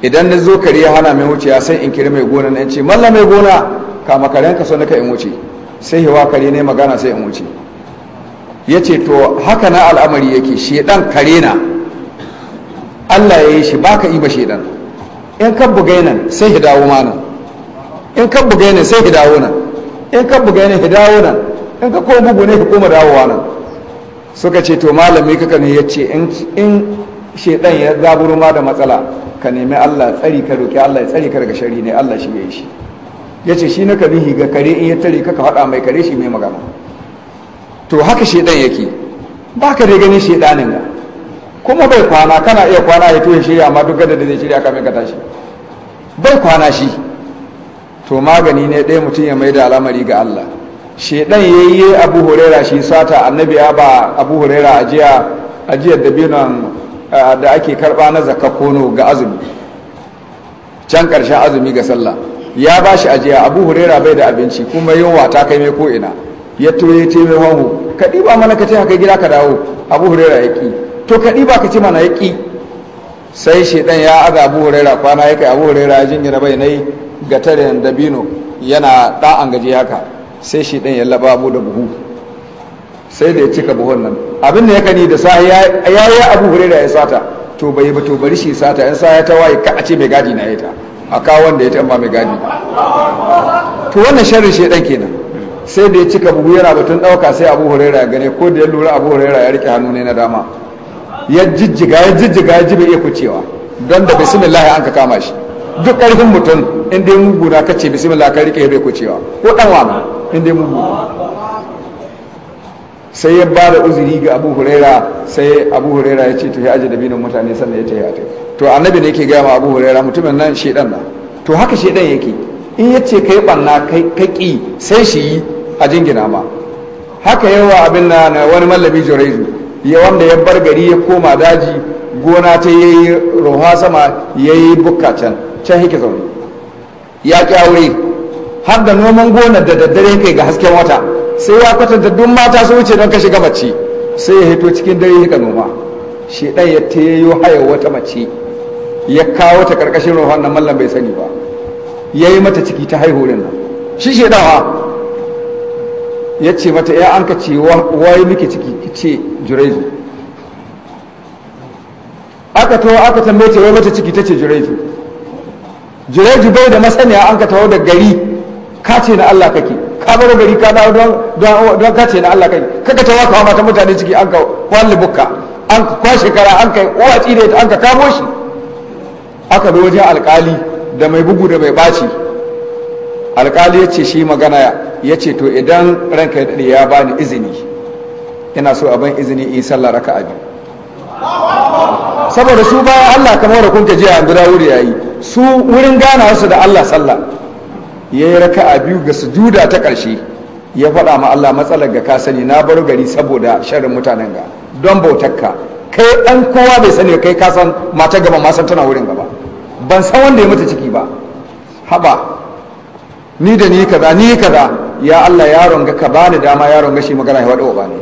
idan na zo kare ya hana mai ya sai in kiri mai gona na in ce mallam mai gona kama karen ka so naka in wuce sai hewa kare ne magana sai in wuce ya ce to haka na al'amari yake shedan kare na allah ya yi shi ba ka iba shedan in ka bugai nan sai hidawo ma nan in ka bugai nan sai hidawo nan in ka bugai nan hidawo nan in ka koma bugu ne ka koma dawowa nan suka ce to malami kaka ne ya ce in shedan ya zaburo ma da matsala ka nemi allah tsari ka roƙi allah ya tsari ka daga shari ne allah shi ya yi shi ya ce shi na ka bihi ga kare in ya tare ka ka faɗa mai kare shi mai magana to haka shaidan yake ba ka da ganin shaidanin ga kuma bai kwana kana iya kwana ya to shirya amma duk da zai shirya kamar ka tashi bai kwana shi to magani ne ɗaya mutum ya mai da al'amari ga Allah ya yi abu huraira shi sata annabi ya ba abu huraira ajiyar da dabinon eh, da ake karba na zakakono ga azumi can ƙarshen azumi ga sallah ya ba shi ajiya abu huraira bai da abinci kuma yunwa ta kai mai ina? ya to ya ce mai wahu ka ɗiba mana ka ce haka gida ka dawo abu hurera ya ƙi to ka ɗiba ka ce mana ya ƙi sai shaidan ya aza abu hurera kwana ya kai abu hurera ya jingina bai nai ga tarin dabino yana ɗa'an gaji haka sai shaidan ya laba abu da buhu sai da ya cika buhun nan abin da ya kani da sa ya yi abu hurera ya sata to bai ba to bari shi sata in sa ya ta waye ka a ce mai gadi na ya ta a kawo wanda ya tamba mai gadi to wannan sharrin shaidan kenan sai da ya cika bugu yana batun ɗauka sai abu huraira ya gane ko da ya lura abu huraira ya rike hannu ne na dama ya jijjiga ya jijjiga ya jibe bai iya kucewa don da bismillah an ka kama shi duk ƙarfin mutum in dai mugu na kace bismillah ka rike bai kucewa ko dan wani in dai mugu sai ya ba da uzuri ga abu huraira sai abu huraira ya ce to ya aje da binin mutane sannan ya tafi to annabi ne yake gaya ma abu huraira mutumin nan shedan na to haka shedan yake in ya ce ka yi ɓanna ka ƙi sai shi yi a jingina ma haka yawa abin na wani mallami juraizu ya wanda ya bar gari ya koma daji gona ta ya yi roha sama ya yi bukka can can yake zaune ya ƙi aure har da noman gonar da daddare kai ga hasken wata sai ya kwatanta duk mata su wuce don ka shiga mace sai ya hito cikin dare ya noma shi ɗan ya ta yayo haya wata mace ya kawo ta ƙarƙashin rohon na mallam bai sani ba ya yi mata ciki ta haihu nan shi shi dawa ya ce mata ya eh, an ka ce waye muke ciki ki ce jurezu aka towa aka tambaye ta wai mata ciki ta ce jurezu jurezu bai da masaniya an ka tawo da gari ka ce na Allah kake ka bar gari ka dawo don ka ce na Allah kake kaka towa ka mata mutane ciki an ka kwalli bukka an kwa shekara an ka waci da an ka kamo shi aka bi wajen alkali da mai bugu da mai baci alkali ya ce shi magana ya ce to idan ranka ya daɗe ya bani izini ina so abin izini in sallah raka abi saboda su baya allah kamar da kun ka jiya yanzu da wuri ya yi su wurin gana su da allah sallah ya yi raka a biyu ga juda ta karshe ya faɗa ma allah matsalar ga ka na bar gari saboda sharrin mutanen ga don bautakka kai ɗan kowa bai sani kai kasan mata gaba masan tana wurin gaba ban san wanda ya mata ciki ba haba ni da ni kaza ni kaza ya Allah yaron ga ka bani dama yaron ga shi magana ya wada wa bani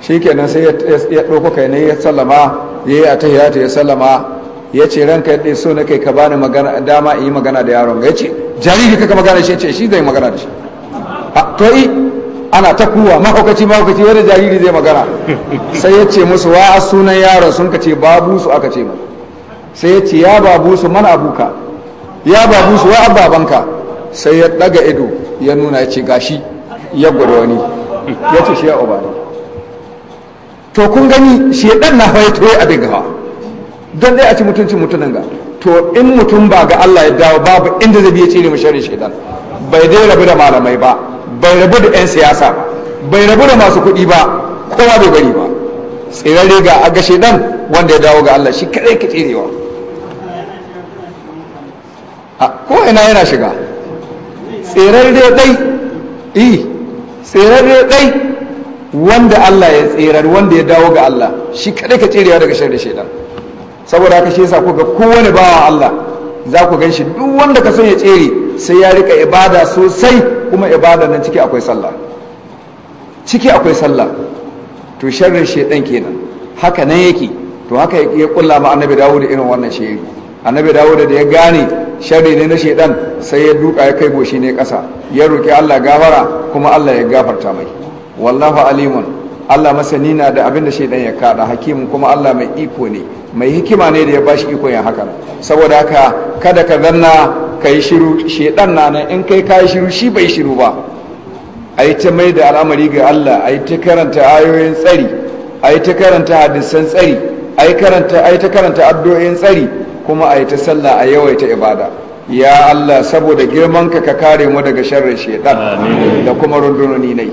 shikenan sai ya ɗauko kai ne ya sallama ya yi atahiyatu ya sallama ya ce ranka ya so na kai ka bani magana dama in yi magana da yaron ga ya ce jariri kaka magana shi ce shi zai magana da shi to yi ana ta kuwa mahaukaci mahaukaci wanda jariri zai magana sai ya ce musu wa sunan yaron sun ka ce babu su aka ce mu sai ya ce ya babu su man abuka ya babu su wa ababanka sai ya daga ido ya nuna ya ce gashi ya gwada wani ya ce shi ya oba ne to kun gani shi ya dan na fayato ya abin gawa don dai a ci mutunci mutunan ga to in mutum ba ga Allah ya dawo babu inda zai biya cire mashari shaidan bai dai rabu da malamai ba bai rabu da 'yan siyasa bai rabu da masu kuɗi ba kowa bai gani ba tsirare ga gashe dan wanda ya dawo ga Allah shi kadai ka a ko ina yana shiga tsirare dai eh tsirare dai wanda Allah ya tserar wanda ya dawo ga Allah shi kadai ka tserewa daga sharri shedan saboda haka shi yasa kuga kowane bawa Allah za ku gan shi duk wanda ka son ya tsere sai ya rika ibada sosai kuma ibada nan ciki akwai sallah ciki akwai sallah to sharrin shaidan kenan haka nan yake to haka ya kulla ma annabi dawud irin wannan shiri annabi dawud da ya gane sharri ne na shaidan sai ya duka ya kai goshi ne kasa ya roki Allah gafara kuma Allah ya gafarta mai wallahu alimun Allah masani na da abin da shaidan ya kada hakimin kuma Allah mai iko ne mai hikima ne da ya bashi iko ya haka saboda haka kada ka zanna kai shiru shaidan na nan in kai kai shiru shi bai shiru ba a yi ta mai da al'amari ga Allah a yi ta karanta ayoyin tsari a yi ta karanta hadisan tsari a yi ta karanta addu'o'in tsari kuma a yi ta sallah a yawaita ibada ya Allah saboda girman ka ka kare mu daga sharrin shaitan da kuma rundunoni ne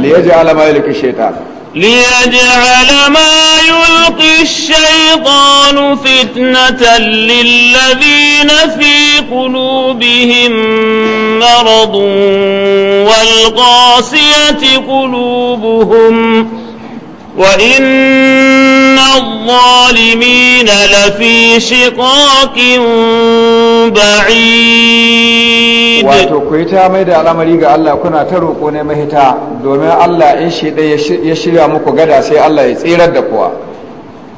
li alama ya yalki shaitan ليجعل ما يلقي الشيطان فتنة للذين في قلوبهم مرض والقاسية قلوبهم وإن الظالمين na شقاق بعيد wato ku yi ta mai da al'amari ga Allah kuna ta roƙo ne mahita domin Allah in shi shirya muku gada sai Allah ya tsirar da kuwa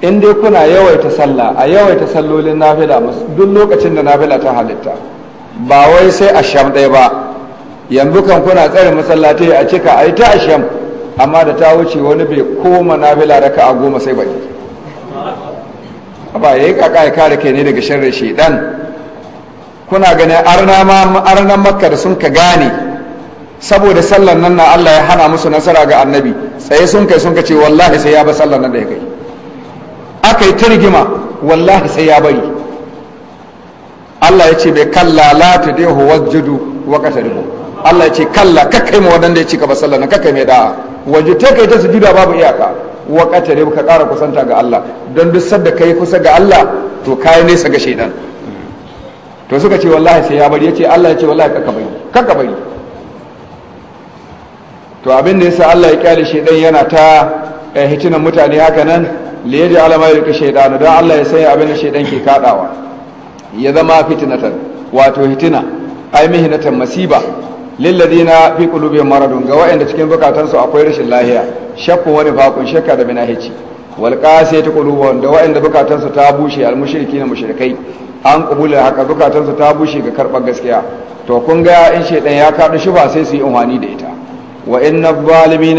in dai kuna yawaita sallah a yawaita sallolin nafila duk lokacin da nafila ta halitta ba wai sai asham ɗaya ba yanzu kan kuna tsare masallatai a cika a yi ta asham amma da ta wuce wani bai koma nafila raka a goma sai baki ba ya yi kaka ya kare kai ne daga shirin shaidan kuna ganin arnan makka da sun ka gane saboda sallan nan na Allah ya hana musu nasara ga annabi tsaye sun kai sun ka ce wallahi sai ya ba sallan nan da ya kai aka yi turgima wallahi sai ya bari Allah ya ce bai kalla la dai huwa judu wa qataribu Allah ya ce kalla kakkai mu wadanda ya ci ka ba sallan nan kakkai mai da'a waje ta kai ta sujuda babu iyaka wa katare ka ƙara kusanta ga Allah don duk sadda kai kusa ga Allah to kai nesa ga shaidan to suka ce wallahi sai ya bari yace Allah ya ce wallahi kaka bari kaka bari to abin da yasa Allah ya kyale shaidan yana ta eh, hitinan mutane haka nan li yaji alama yurka shaidan don Allah ya san abin da shaidan ke kadawa ya zama fitnatan wato hitina ai mihinatan masiba lilladina fi qulubihim maradun ga wa'anda cikin su akwai rashin lahiya shakku wani fakun shakka da binahici wal qasiyati qulubuhum da wa'anda su ta bushe al na mushrikai an kubula haka su ta bushe ga karban gaskiya to kun ga in shedan ya kadu shi ba sai su yi umani da ita wa inna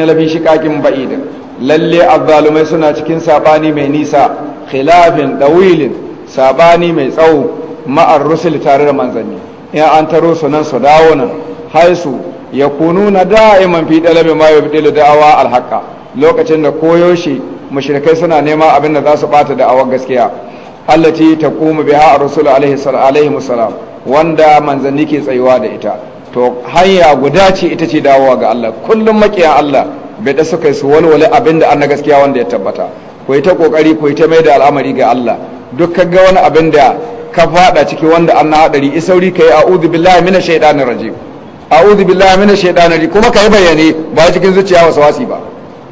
la fi shiqaqin ba'id lalle azzalumai suna cikin sabani mai nisa khilafin dawilin sabani mai tsawo ma'ar rusul tare da manzanni in an taro su nan su dawo nan su ya kunu na da'iman fi dalabi ma yubdilu da'awa alhaqa lokacin da koyoshi mushrikai suna nema abin da za su bata da'awar gaskiya allati taqumu biha ar-rasul alaihi salam wanda manzanni ke tsayuwa da ita to hanya guda ce ita ce dawowa ga Allah kullum makiya Allah bai da suka su walwale abinda da gaskiya wanda ya tabbata ku yi ta kokari ku yi ta mai da al'amari ga Allah duk kaga wani abin da ka fada ciki wanda an na hadari isauri kai a'udhu billahi mina shaitanir rajim a'udhu billahi mina shaitanir rajim kuma ka yi bayyane ba cikin zuciya wasi ba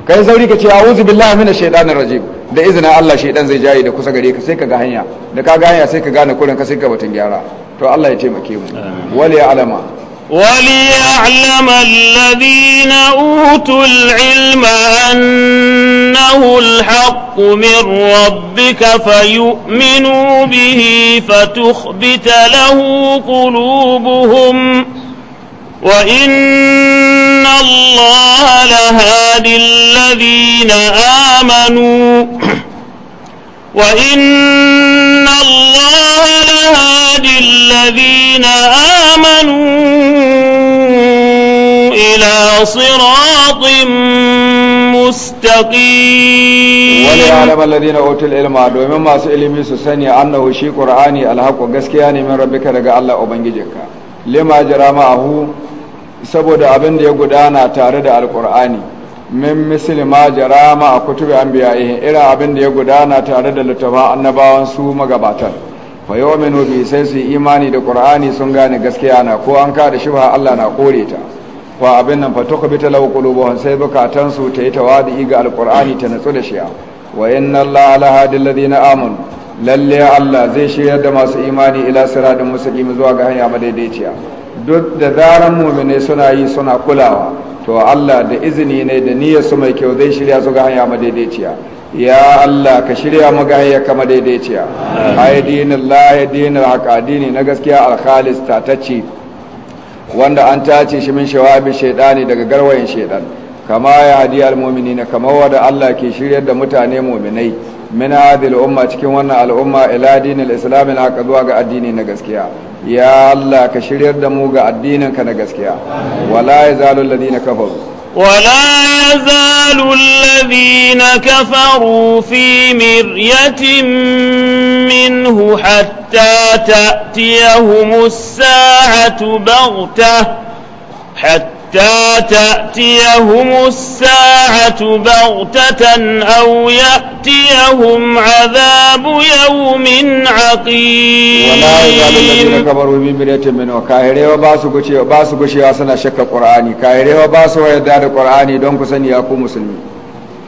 Ka yi sauri ka ce a'udhu billahi mina shaitanir rajim da izinin Allah shaidan zai jaye da kusa gare ka sai ka ga hanya da ka ga hanya sai ka gane kurin ka sai ka batun gyara to Allah ya taimake mu wali alama وليعلم الذين أوتوا العلم أن إنه الحق من ربك فيؤمنوا به فتخبت له قلوبهم وإن الله لهادي الذين آمنوا وإن الله لهادي الذين آمنوا إلى صراط mustaqim wani alam alladhina utul ilma domin masu ilimi su sani annahu shi qur'ani alhaqu gaskiya ne min rabbika daga Allah ubangijinka lima jarama hu saboda abin da ya gudana tare da alqur'ani min misli ma jarama a kutubi anbiya'ihi irin abin da ya gudana tare da littafan annabawan su magabatan fa yu'minu bi sai su imani da qur'ani sun gane gaskiya na ko an ka da ba Allah na kore ta wa abin nan ka bi lau kulubu sai bukatan su ta yi tawadi ga Alƙur'ani ta natsu da shi'a wa inna na ala hadil ladina amun. lalle Allah zai shiryar da masu imani ila siratin mustaqim zuwa ga hanya madaidaiciya duk da zaran mu'mine suna yi suna kulawa to Allah da izini ne da niyyar su mai kyau zai shirya su ga hanya madaidaiciya ya Allah ka shirya magaya kama daidaiciya ai la ya dinin haka dini na gaskiya alkhalis tatacce wanda an tace shi min shawabi shaydani daga garwayin shaydan kama ya hadi na kama wanda Allah ke shiryar da mutane mu'minai min hadhihi al'umma cikin wannan al'umma ila dinil islam na ka zuwa ga addini na gaskiya ya Allah ka shiryar da mu ga addinin ka na gaskiya wala yazalul ladina kafaru ولا يزال الذين كفروا في مرية منه حتى تأتيهم الساعة بغتة حتى حتى تأتيهم الساعة بغتة أو يأتيهم عذاب يوم عقيم ولا يزال الذين كبروا بمريت من كاهري وباسو كشي وباسو كشي واسنا شك القرآن كاهري وباسو يدار القرآن دونك سني أكو مسلمي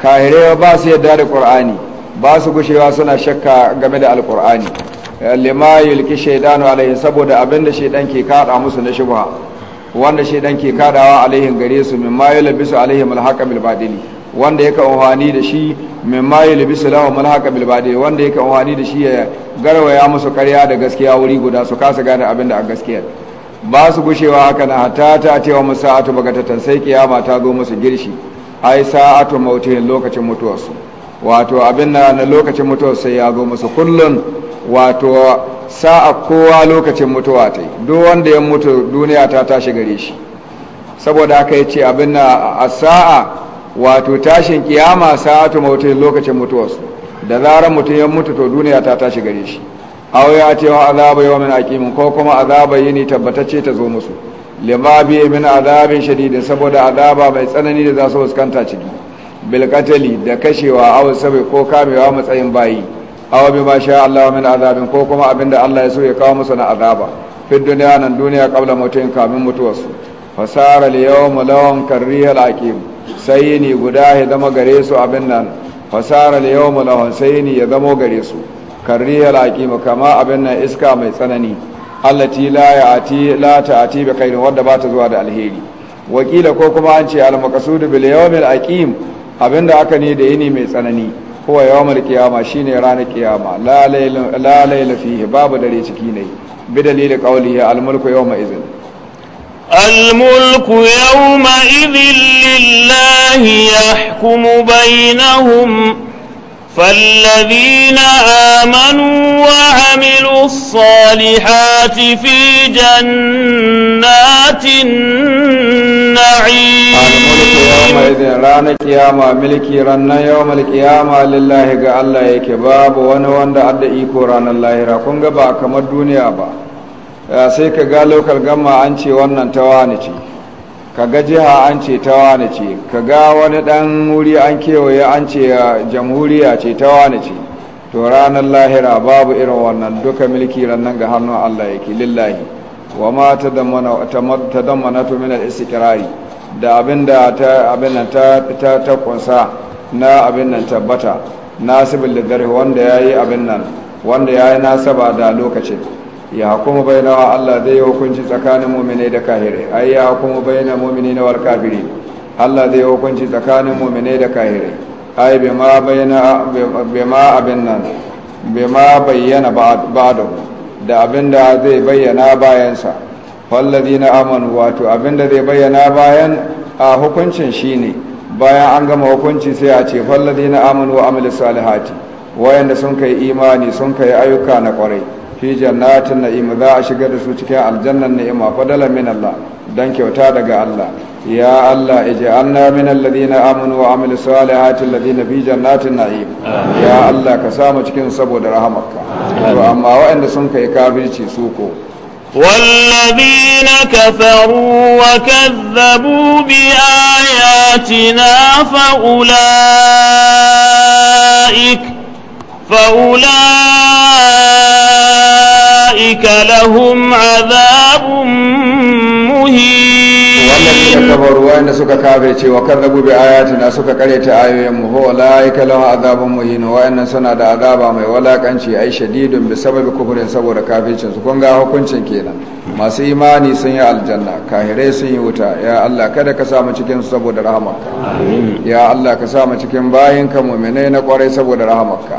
كاهري وباسو يدار القرآن باسو كشي واسنا شك قمد القرآن lima yulki shaidanu alaihi saboda abinda shaidan ke kada musu na shubha wanda shaidan ke kadawa alaihim gare su min ma labisu alaihim alhaqa bil badili wanda yake amfani da shi min mayu labisu lahu alhaqa bil badili wanda yake amfani da shi ya garwaya musu karya da gaskiya wuri guda su kasa gane abin da a gaskiya ba su gushewa haka na hatta ta tewa musa'atu bagatatan sai kiyama ta zo musu girshi ai sa'atu mautihin lokacin mutuwarsu wato abin na na lokacin mutuwa sai ya zo musu kullum wato sa'a kowa lokacin mutuwa ta duk wanda ya mutu duniya ta tashi gare shi saboda aka yi ce abin na a sa'a wato tashin kiyama ta mautin lokacin mutuwarsu da zarar mutum ya mutu to duniya ta tashi gare shi aw ya ce wa azaba min aƙimin ko kuma azaba ni tabbatacce ta zo musu lima bi min azabin shadidin saboda azaba mai tsanani da za su fuskanta ciki bilkatali da kashewa aw sabai ko kamewa matsayin bayi a wabi ma sha Allah min azabin ko kuma abin da Allah ya so ya kawo musu na azaba fi duniya nan duniya qabla mutuin kamin mutuwarsu fasara li yawm lawan karrihal aqim sai ni guda ya zama gare su abin nan fasara li yawm lawan sai ya zama gare su karrihal aqim kama abin nan iska mai tsanani allati la ya'ti la ta'ti bi khairin wadda ba ta zuwa da alheri wakila ko kuma an ce al maqsud bil yawmil Abin da aka ne da yini mai tsanani kowa yawon qiyama shine shi ne la kiyama lalai babu dare ciki ne bi dalilin almulku al mulku yawma idhin al mulku yawma idhin ya kuma bainahum فالذين آمنوا وعملوا الصالحات في جنات النعيم ranar kiyama milki ranar yawon kiyama lillahi ga Allah yake babu wani wanda adda iko ranar lahira kun ga ba kamar duniya ba sai ka ga lokal gama an ce wannan tawa ne ce ka ga jiha an ce ta wane ce kaga wani dan wuri an kewaye an ce jamhuriya ce ta wane ce to ranar lahira babu irin wannan duka milki rannan ga hannun Allah yake lillahi wa ma ta dammana to min da ta abin nan ta kunsa na abin nan tabbata nasibul lidarhi wanda yi abin nan wanda yi nasaba da lokacin ya bayyana wa Allah zai yi hukunci tsakanin mu'minai da kahirai ai ya hukumu bainal mu'minina wal warkabiri Allah zai yi hukunci tsakanin mu'minai da kahirai ai bima bayyana bima abin nan bima bayyana ba'dahu da abinda zai bayyana bayansa walladina amanu wato abinda zai bayyana bayan a hukuncin shine bayan an gama hukunci sai a ce walladina amanu wa amilus salihati wayanda sun kai imani sun kai ayyuka na kwarai fi jannatin na'im za a shigar da su cikin aljannan ni'ima fadala min Allah dan kyauta daga Allah ya Allah ij'alna min alladhina amanu wa amilu salihati alladhina fi jannatin na'im ya Allah ka samu cikin saboda rahamarka to amma waɗanda sun kai kafirci su ko والذين كفروا وكذبوا بآياتنا فأولئك فأولئك لهم عذاب مهين kafaru wanda suka mm. kafe ce wa kazzabu bi na suka kareta ayoyin mu huwa laika lahu azabun wa wa'annan suna da azaba mai walakanci ai shadidun bi sababi kufurin saboda kafircin su kun ga hukuncin kenan masu imani sun yi aljanna kahirai sun yi wuta ya Allah kada ka sa mu cikin su saboda rahamarka ya Allah ka sa mu cikin bayinka mu'minai na kwarai saboda rahamarka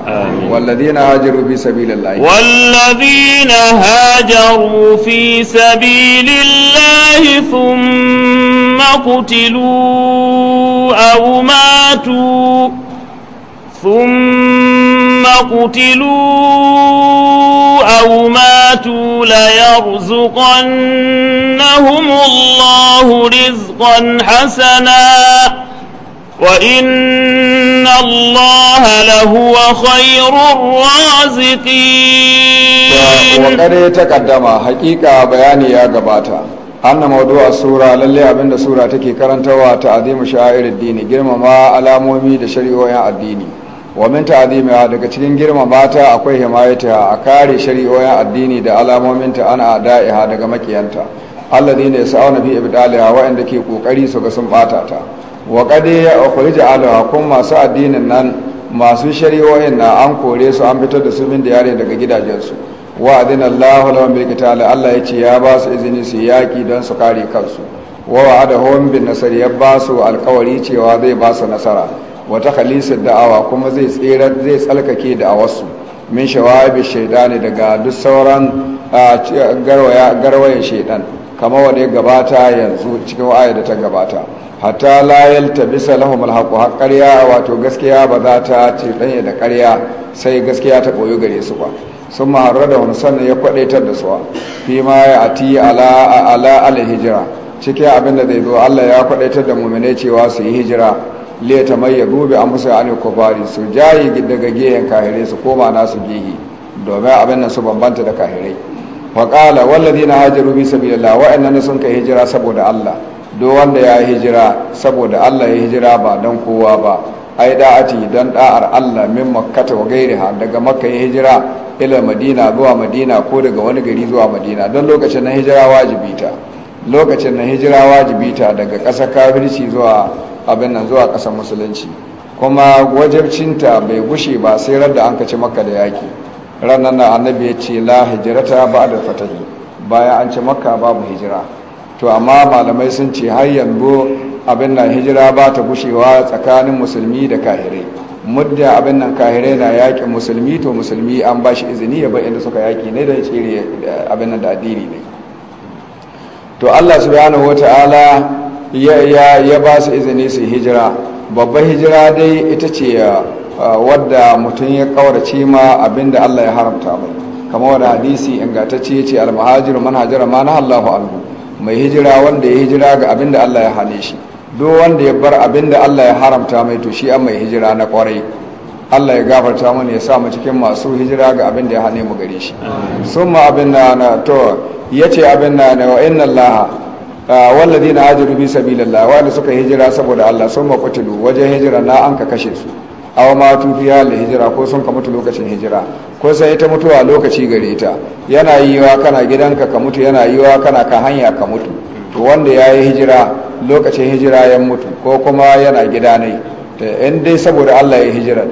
walladina hajaru fi sabilillahi walladina hajaru fi sabilillahi thumma ما قتلوا أو ماتوا ثم قتلوا أو ماتوا ليرزقنهم الله رزقا حسنا وإن الله لهو خير الرازقين وقد تقدم حقيقة بياني يا قباتا anna mawdu'a sura lalle abinda sura take karantawa ta azimu sha'irid dini girmama alamomi da shari'o'in addini wa min ta'zimiha daga cikin girmama ta akwai himayata a kare shari'o'in addini da alamomin ta ana da'iha daga makiyanta alladhina yas'auna fi ibdaliha waɗanda ke kokari su ga sun bata ta wa qad ukhrija alaha masu addinin nan masu shari'o'in na an kore su an fitar da su min da yare daga gidajensu wa adina Allahu bil qital Allah yace ya ba su izini su yaki don su kare kansu wa wa'adahum bin nasr ya ba su alƙawari cewa zai ba su nasara wa takhlisud da'awa kuma zai tsira zai tsalkake da'awarsu min shawabi ne daga duk sauran garwaya shaidan shaytan kama wanda ya gabata yanzu cikin ayar da ta gabata hatta layal ta bisa lahum alhaqu haqqariya wato gaskiya ba za ta ce danye da ƙarya sai gaskiya ta koyo gare su ba sun maharra da wani sannan ya kwadaitar da suwa fi ma ya ati ala ala hijira cikin abin da zai zo allah ya kwadaitar da mummune cewa su yi hijira leta mai ya gobe an musu ani kufari su jayi daga gehen kahirai su koma nasu gehe domin abin nan su bambanta da kahirai faƙala wallazi na hajaru bi sabilillah wa'annan sun kai hijira saboda allah do wanda ya hijira saboda allah ya hijira ba dan kowa ba ai da'ati idan da'ar Allah min makkata wa gairiha daga makka ya hijira ila madina zuwa madina ko daga wani gari zuwa madina dan lokacin na hijira wajibi ta lokacin na hijira wajibi ta daga ƙasa kafirci zuwa abin nan zuwa ƙasar musulunci kuma wajabcinta bai gushe ba sai ran da an kaci makka da yaki ranar na annabi ya ce la hijirata ba da fatahi bayan an ci makka babu hijira to amma malamai sun ce har yanzu abin nan hijira ba ta gushewa tsakanin musulmi da kahirai mudda abin nan kahirai na yakin musulmi to musulmi an ba shi izini ya bai inda suka yaki ne da ya cire eh, abin nan da addini ne to Allah subhanahu wata'ala ya ya ya ba su izini su hijira Babban hijira dai ita ce eh, eh, wadda mutum ya kaurace ma abinda Allah ya haramta mai kamar wani hadisi ingantacce ya ce almahajiru manhajar ma na Allahu mai hijira wanda ya hijira ga abin da Allah ya hane shi duk wanda ya bar abin da Allah ya haramta mai to shi an mai hijira na kwarai Allah ya gafarta mana ya sa mu cikin masu hijira ga abin da ya hane mu gare shi summa abin na na to yace abin na na wa inna Allah walladina hajaru bi sabilillah wanda suka hijira saboda Allah summa kutulu wajen hijira na an ka kashe su awa ma tufi hali hijira ko sun ka mutu lokacin hijira ko sai ta a lokaci gare ta yana yiwa kana gidanka ka mutu yana yiwa kana ka hanya ka mutu to wanda yayi hijira lokacin hijira ya mutu ko kuma yana gida ne in dai saboda Allah ya hijira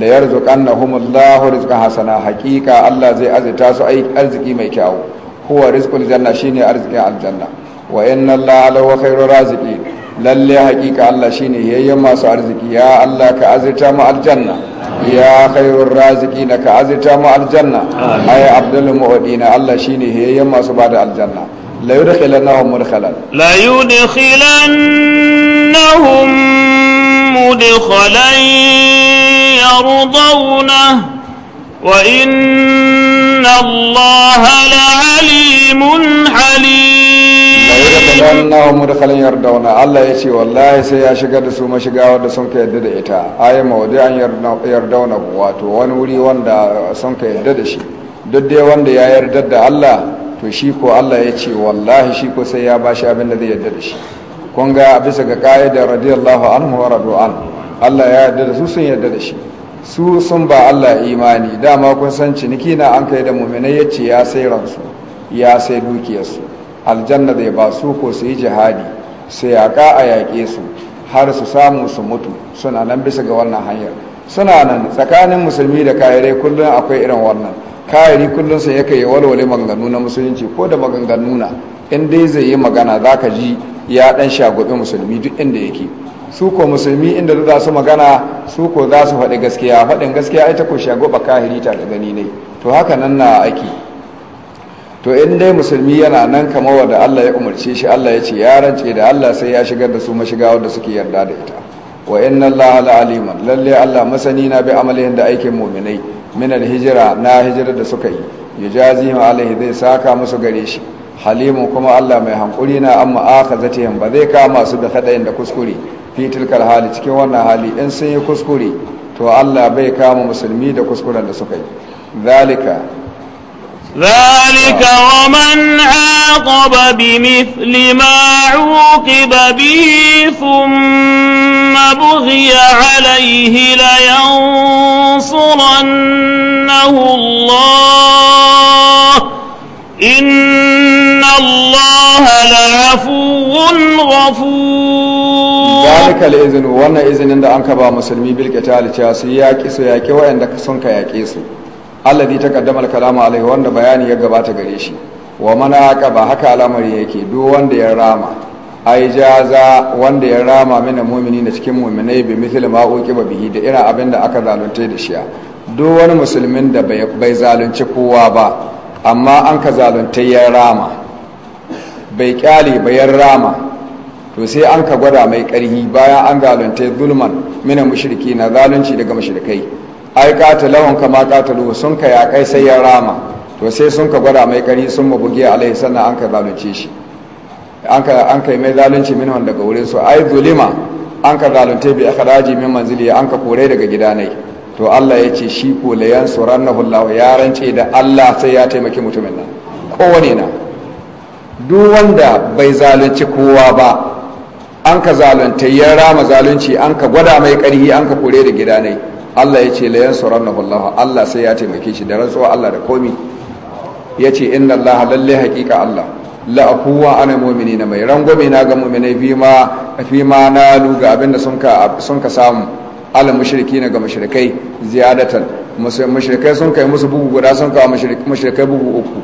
la yarzuqannahum Allahu rizqan hasana haqiqa Allah zai azita su arziki mai kyau huwa rizqul janna shine arzikin aljanna wa inna Allaha lahu khairur raziqin lalle haqiqa Allah shine yayyan masu arziki ya Allah ka azita mu aljanna ya khairur raziqin ka azita mu aljanna ay abdul mu'adina Allah shine yayyan masu bada aljanna la yudkhilannahum mudkhalan la yudkhilannahum mudkhalan yardawna wa inna allaha la'alimun halim la yudkhilannahum mudkhalan yardawna Allah yace wallahi sai ya shigar da su mashiga wanda sun ka yadda da ita ayi mawdi an yardawna wato wani wuri wanda sun ka yadda da shi duk dai wanda ya yarda da Allah to shi ko Allah ya ce wallahi shi ko sai ya shi abin da zai yadda da shi kun ga bisa ga ka'ida radiyallahu anhu wa radu'an Allah ya yadda da su sun yadda da shi su sun ba Allah imani dama kun san ciniki na an kai da mu'minai yace ya sai ransu ya sai dukiyarsu aljanna zai ba su ko su yi jihadi sai yaƙa a yaƙe su har su samu su mutu suna nan bisa ga wannan hanyar suna nan tsakanin musulmi da kayare kullum akwai irin wannan kayari kullum sai yake ya walwale maganganu na musulunci ko da maganganu na in dai zai yi magana za ka ji ya dan shagobe musulmi duk inda yake su ko musulmi inda za su magana su ko za su faɗi gaskiya faɗin gaskiya ita ko shagoba kahiri ta da gani ne to haka nan na aiki to in dai musulmi yana nan kama wanda Allah ya umarci shi Allah ya ce ya rance da Allah sai ya shigar da su mashiga wanda suke yarda da ita wa inna Allah la aliman lalle Allah masani na bi amalin da aikin mu'minai min alhijira na hijira da suka yi yajazihim alaihi zai saka musu gare shi halimu kuma Allah mai hankuri na amma aka zatihin ba zai kama su da kadayin da kuskure fitilkar hali cikin wannan hali in sun yi kuskure to Allah bai kama musulmi da kuskuren da suka yi zalika ذلك ومن عاقب بمثل ما عوقب به ثم ثم بغي عليه لينصرنه الله إن الله لعفو غفور ذلك الإذن وانا إذن عند أنكبا مسلمي بالقتال تاسي ياكيسو ياكي وإن دكسنك ياكيسو الذي تقدم الكلام عليه وانا بياني يقبات قريشي ومن أكبا حكى الأمر يكي دو وانا يرامه ai jaza wanda ya rama mina mumini na cikin muminai bi misali ma uki ba bihi da irin abin da aka zalunce da shi duk wani musulmin da bai zalunci kowa ba amma an ka zalunta ya rama bai kyale ba ya rama to sai an ka gwada mai karhi bayan an zalunta zulman mina mushriki na zalunci daga mushrikai ai katalahun kama katalu sun ka kai sai ya rama to sai sun ka gwada mai karhi sun mabuge alaihi sannan an ka zalunce shi an ka yi mai zalunci min daga wurin su ai zulima an ka zalunta bi daji min manzili an ka kore daga gidanai to Allah ya ce shi ko su yansurannahu hulawa ya rance da Allah sai ya taimaki mutumin nan kowane na duk wanda bai zalunci kowa ba an ka zalunta ya rama zalunci an ka gwada mai karhi an ka kore da gidanai Allah ya ce su yansurannahu hulawa Allah sai ya taimaki shi da rantsuwa Allah da komi ya ce inna Allah lalle haƙiƙa Allah la'afuwa ana mumini na mai rangwame na ga muminai fi ma na luga abinda sun ka samu ala mashirki na ga mashirkai ziyadatan mashirkai sun kai musu bugu guda sun kawo mashirkai bugu uku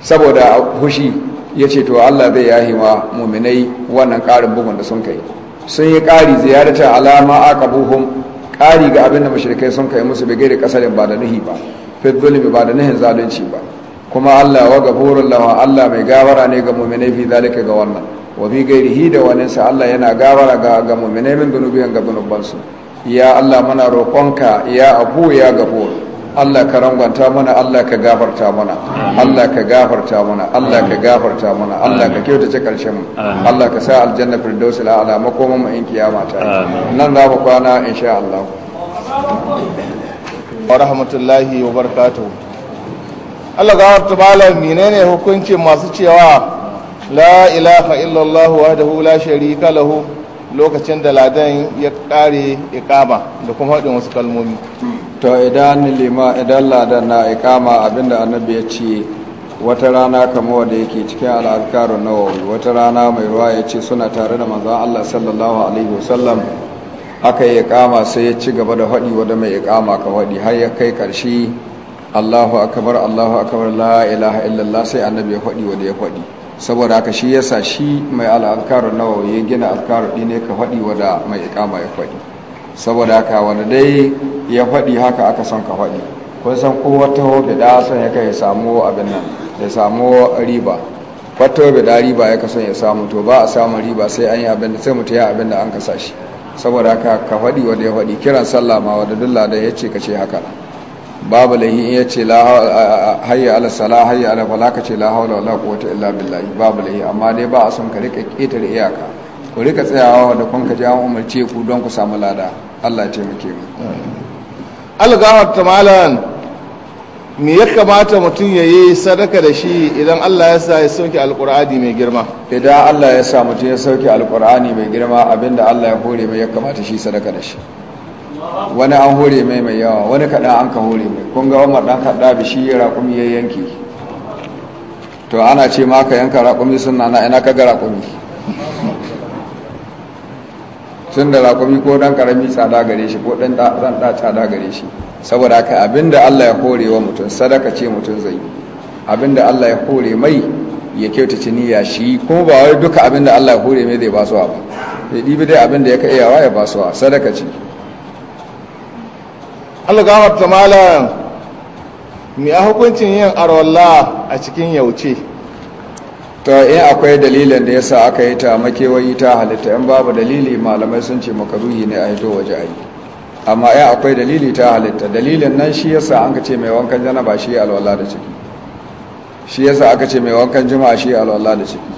saboda hushi ya ce to allah zai yahi ma muminai wannan karin bugun da sun kai sun yi kari ziyadatan alama aka buhun kari ga abinda mashirkai sun kai musu bigai da kasarin ba da nuhi ba fi zulmi ba da nuhin zalunci ba kuma Allah wa gafurun lawa Allah mai gawara ne ga mu'minai fi zalika ga wannan wa fi gairihi da wannan sa Allah yana gawara ga ga mu'minai min dunubiyan ga dunubansu ya Allah muna roƙonka ya abu ya gafur Allah ka rangwanta mana Allah ka gafarta mana Allah ka gafarta mana Allah ka gafarta mana Allah ka kyautace karshen mu Allah ka sa aljanna firdausi la ala makoman mu in kiyama ta nan za mu kwana insha Allah wa rahmatullahi wa barakatuh Allah gawarta menene hukunci masu cewa la ilaha illallah wahdahu la sharika lahu lokacin da ladan ya kare ikama da kuma haɗin wasu kalmomi to idan lima idan ladan na ikama abinda annabi ya ce wata rana kama wanda yake cikin na nawawi wata rana mai ruwa ya ce suna tare da manzan allah sallallahu alaihi wasallam aka yi kama sai ya ci gaba da haɗi wadda mai ikama ka haɗi har ya kai ƙarshe Allahu akabar! Allahu akabar! la ilaha illallah sai annabi ya faɗi wanda ya faɗi saboda haka shi yasa shi mai al'azkarun nawawi ya gina azkarun dine ka faɗi wanda mai ikama ya faɗi saboda haka wanda dai ya faɗi haka aka son ka faɗi kun san ko wata hobe da son ya kai samu abin nan ya samu riba wata hobe da riba ya kasan ya samu to ba a samu riba sai an yi abin da sai mutum ya abin da an kasa shi saboda haka ka faɗi wanda ya faɗi kiran sallah ma wanda dulla da ya ce ka ce haka na. babu lahi ya ce hayya ala sala hayya ala fala ka ce la haula wala quwwata illa billahi babu lahi amma dai ba a son ka rika ketar iyaka ku rika tsayawa da kun ka ji an umarce ku don ku samu lada Allah ya taimake mu algawar tamalan me ya kamata mutum ya yi sadaka da shi idan Allah ya sa ya sauke alkur'ani mai girma idan Allah ya sa mutum ya sauke alqur'ani mai girma abinda Allah ya hore mai ya kamata shi sadaka da shi wani an hore mai mai yawa wani kaɗan an ka hore mai kun ga umar ɗan kaɗa bi shi raƙumi ya yanki to ana ce ma ka yanka raƙumi suna na ina ka ga raƙumi tun da raƙumi ko ɗan ƙarami tsada gare shi ko ɗan ɗan ɗa tsada gare shi saboda haka abinda Allah ya hore wa mutum sadaka ce mutum zai abinda Allah ya hore mai ya kyautace niyya shi kuma ba wai duka abinda Allah ya hore mai zai basuwa ba ya ɗibi dai abinda ya ka iyawa ya basuwa sadaka ce algawar malam mai a hukuncin yin arwalla a cikin yauce ta in eh, akwai dalilin da ya sa aka yi ta makewayi ta halitta in babu dalili malamai sun ce makaruhi ne a hito waje ayi amma ya eh, akwai dalili ta halitta dalilin nan shi yasa an ka ce mai wankan ba shi alwala da ciki shi yasa aka ce mai wankan juma'a shi alwala da ciki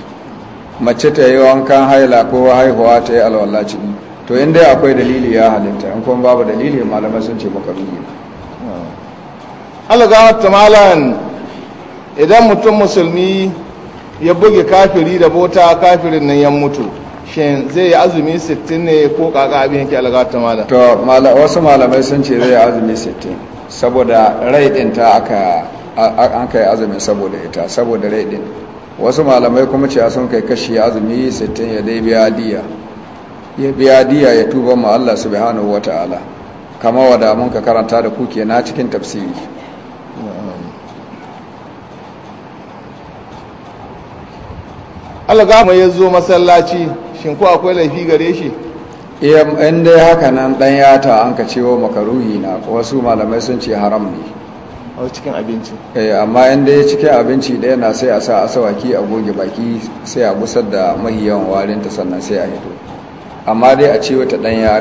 mace ta yi wankan haila ko haihuwa ta yi alwala ciki to in dai akwai dalili ya halitta in kuma babu dalili malamai sun ce makaruhi Allah gama tamalan idan mutum musulmi ya buge kafiri da bota kafirin nan ya mutu shin zai yi azumi 60 ne ko kaka abin yake Allah tamalan to wasu malamai sun ce zai yi azumi 60 saboda rai din ta aka an kai azumi saboda ita saboda rai din wasu malamai kuma ce sun kai kashi azumi 60 ya dai biya diya ya biya diya ya tuba ma Allah subhanahu ta'ala kama wada mun ka karanta da ku na cikin tafsiri gama ya zo masallaci shin ko akwai laifi gare shi eh, in dai haka nan dan yata an ka cewa makaruhi na wasu malamai sun ce haram ne a cikin abinci eh amma in dai cikin abinci da yana sai a sa asawaki a goge baki sai a gusar da mahiyan warinta sannan sai a hito amma dai a ce wata ya,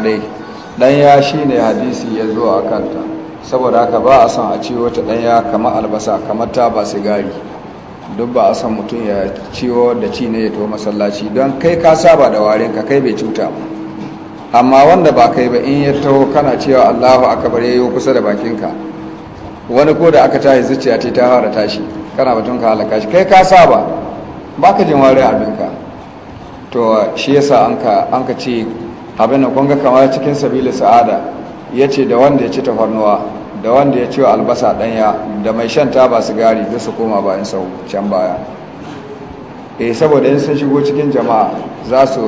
dai ya shi ne hadisi ya zo a kanta saboda haka ba a son a ce wata ya kamar albasa kamar ta ba sigari duk ba a san mutum ya ciwo da ci ne ya to masallaci don kai ka saba da warin ka kai bai cuta amma wanda ba kai ba in ya taho kana cewa allahu akabar ya yi kusa da bakinka wani ko da aka tashi zuciya ce ta fara tashi kana batun ka halaka shi kai ka saba ba ka jin warin abinka to shi yasa an ka ce abin da kunga kamar cikin sabili sa'ada ya ce da wanda ya ci tafarnuwa da wanda ya ci albasa danya da mai shan taba sigari da su koma bayan sau can baya E saboda yin sun shigo cikin jama'a za su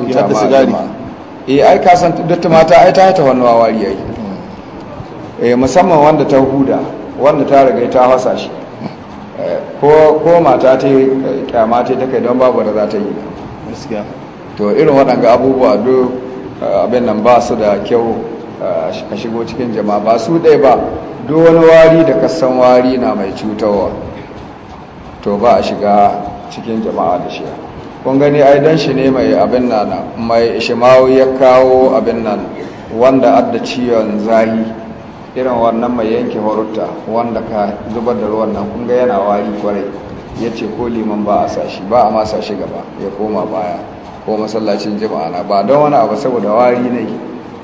cuta ma jama'a E ai ka san duk mata ai ta tafarnuwa wari yayi E eh, musamman wanda ta huda wanda ta riga ta hasa shi ko mata ta yi kyamata ta kai don babu da za ta yi to irin waɗanga abubuwa duk eh, abin nan ba su da kyau ka eh, shigo cikin jama'a ba su ɗaya ba duk wani wari da kasan wari na mai cutarwa to ba a shiga cikin jama'a da shi kun gani ai don shi ne mai abin nan mai ishimawu ya kawo abin nan wanda adda ciwon zahi irin wannan mai yanke horuta wanda ka zubar da ruwan nan kun ga yana wari kwarai ya ce ko liman ba a sashi ba a masa shiga gaba ya koma baya ko masallacin jima'a na ba don wani abu saboda wari ne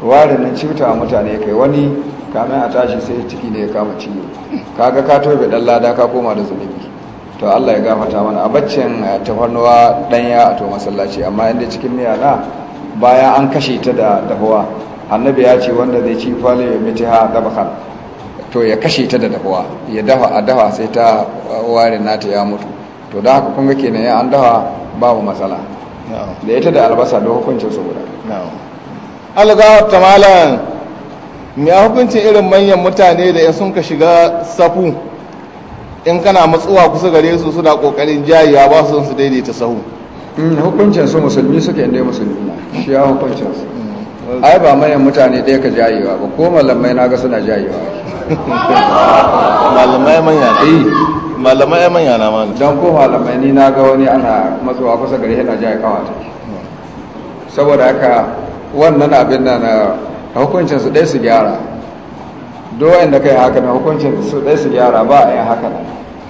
wari na cuta a mutane kai wani kamin a tashi sai ciki ne ya kama ciwo kaga ka tobe dan lada ka koma da zunubi to Allah ya gafata mana a baccin tafarnuwa danya a to masallaci amma inda cikin miya na bayan an kashe ta da dahuwa annabi ya ce wanda zai ci falin ya miti ha dabakan to ya kashe ta da dahuwa ya dafa a dafa sai ta ware nata ya mutu to da haka kun ga kenan ya an dafa babu matsala da ita da albasa da hukuncin su guda algawar tamalan mai hukuncin irin manyan mutane da ya sun ka shiga safu in kana matsuwa kusa gare su suna kokarin jayewa ba su su daidaita sahu mm, hukuncin su musulmi suke inda musulmi na shi ya hukuncin su mm. ai ba manyan mutane ɗaya ka jayewa ba ko malamai na ga suna jayewa malamai manya eh malamai manya na ma Don ko malamai ni na ga wani ana matsowa kusa gari yana jaya kawata saboda haka wannan abin na na eh, hukuncin su dai su gyara doyen da kai haka na hukuncin su dai su gyara ba a yi haka na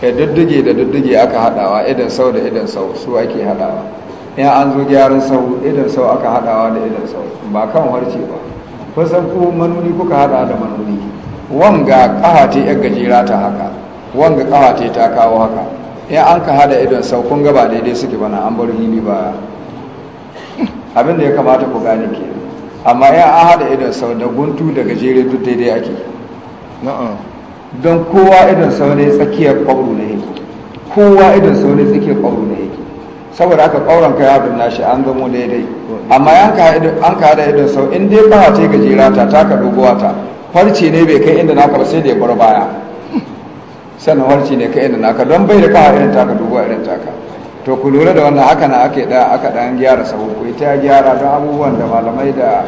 kai duddige da duddige aka hadawa idan sau da idan sau su ake hadawa in an zo gyaran sau idan sau aka hadawa da idan sau ba kan harce ba kusan ku manuni kuka hada da manuni wanga kaha ta yar gajera ta haka wanga kaha ta ta kawo haka ya an ka hada idon saukun gaba daidai suke bana an bar hili ba abin da ya kamata ku gane ke amma ya an hada idon sau da guntu da gajere duk daidai ake don kowa idon sau ne tsakiyar kwabru ne yake kowa idon sau ne tsakiyar kwabru ne yake saboda aka kwauran ka ya nashi an zamo daidai amma an ka hada idon sau in dai ba ta gajera ta taka dogowa ta farce ne bai kai inda naka ba sai da ya bar baya sannan farce ne kai inda naka don bai da kawai irin taka dubu irin taka to ku lura da wannan haka na ake da aka dan gyara sahu ku ta gyara don abubuwan da malamai da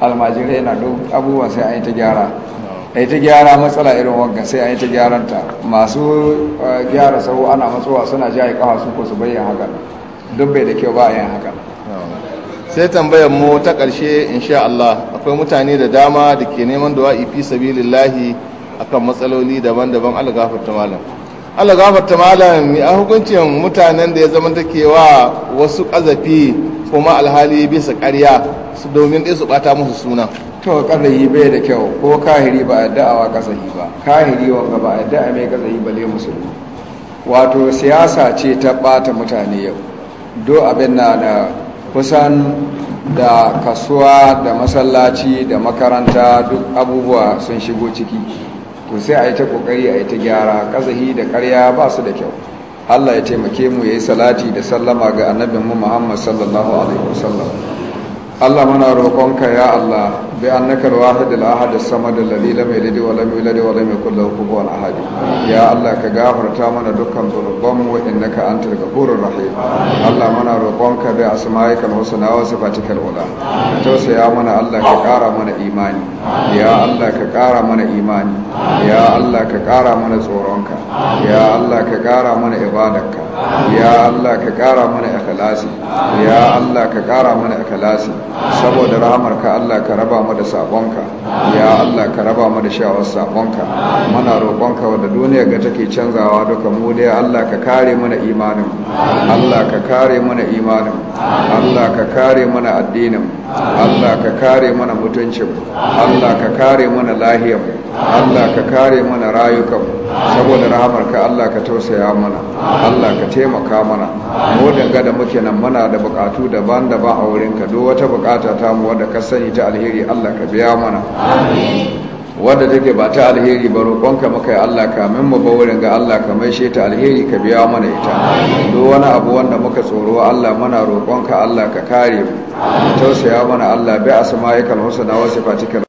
almajirai na duk abubuwan sai an yi ta gyara a yi ta gyara matsala irin wanka sai an yi ta gyaranta masu eh, gyara sahu ana matsowa suna jaye kawa su ko su bayyana haka duk bai da kyau ba a yin haka sai tambayar mu ta ƙarshe insha Allah akwai mutane da dama da ke neman wa'i fi sabilillahi akan matsaloli daban-daban alagafar ta malam alagafar ta malam ya hukuncin mutanen da ya zama take wa wasu kazafi kuma alhali bisa ƙarya su domin ɗaya su ɓata musu suna to kazahi bai da kyau ko kahiri ba addu'a kazahi ba kahiri wanga ba addu'a mai kazahi bale musulmi wato siyasa ce ta ɓata mutane yau do abin na da kusan da kasuwa da masallaci da makaranta duk abubuwa sun shigo ciki to sai a yi ta kokari a yi ta gyara kazahi da karya ba su da kyau Allah ya taimake mu ya yi salati da sallama ga annabinmu Muhammad sallallahu alaihi wasallam Allah muna roƙonka ya Allah bi annaka al-wahid al-ahad as-samad alladhi lam yalid wa lam yulad wa lam yakul lahu kufuwan ahad ya Allah ka gafarta mana dukkan zunubanmu wa innaka antal ghafurur rahim Allah muna roƙonka bi asma'ika al-husna wa sifatika al-ula tausaya mana Allah ka ƙara mana imani ya Allah ka ƙara mana imani ya Allah ka ƙara mana tsoronka ya Allah ka ƙara mana ibadarka ya Allah ka ƙara mana ikhlasi ya Allah ka ƙara mana ikhlasi saboda ka Allah ka raba mu da sabonka ya Allah ka raba mu da shawar sabonka muna roƙonka wanda duniya ga take canzawa duka mu dai Allah ka kare mana imanin Allah ka kare mana imanin Allah ka kare mana addinin Allah ka kare mana mutuncin Allah ka kare mana lahiyar Allah ka kare mana rayukan saboda ka Allah ka tausaya mana Allah ka taimaka mana mu danga da muke nan muna da bukatu daban-daban a wurinka duk wata bukata ta mu wadda ka sani ta alheri Allah ka biya mana wadda take ba ta alheri ba roƙonka maka yi Allah ka min mu ga Allah ka mai ta alheri ka biya mana ita duk wani abu wanda muka tsoro Allah muna roƙonka Allah ka kare mu tausaya mana Allah bi asma'ikal husna wa sifatikal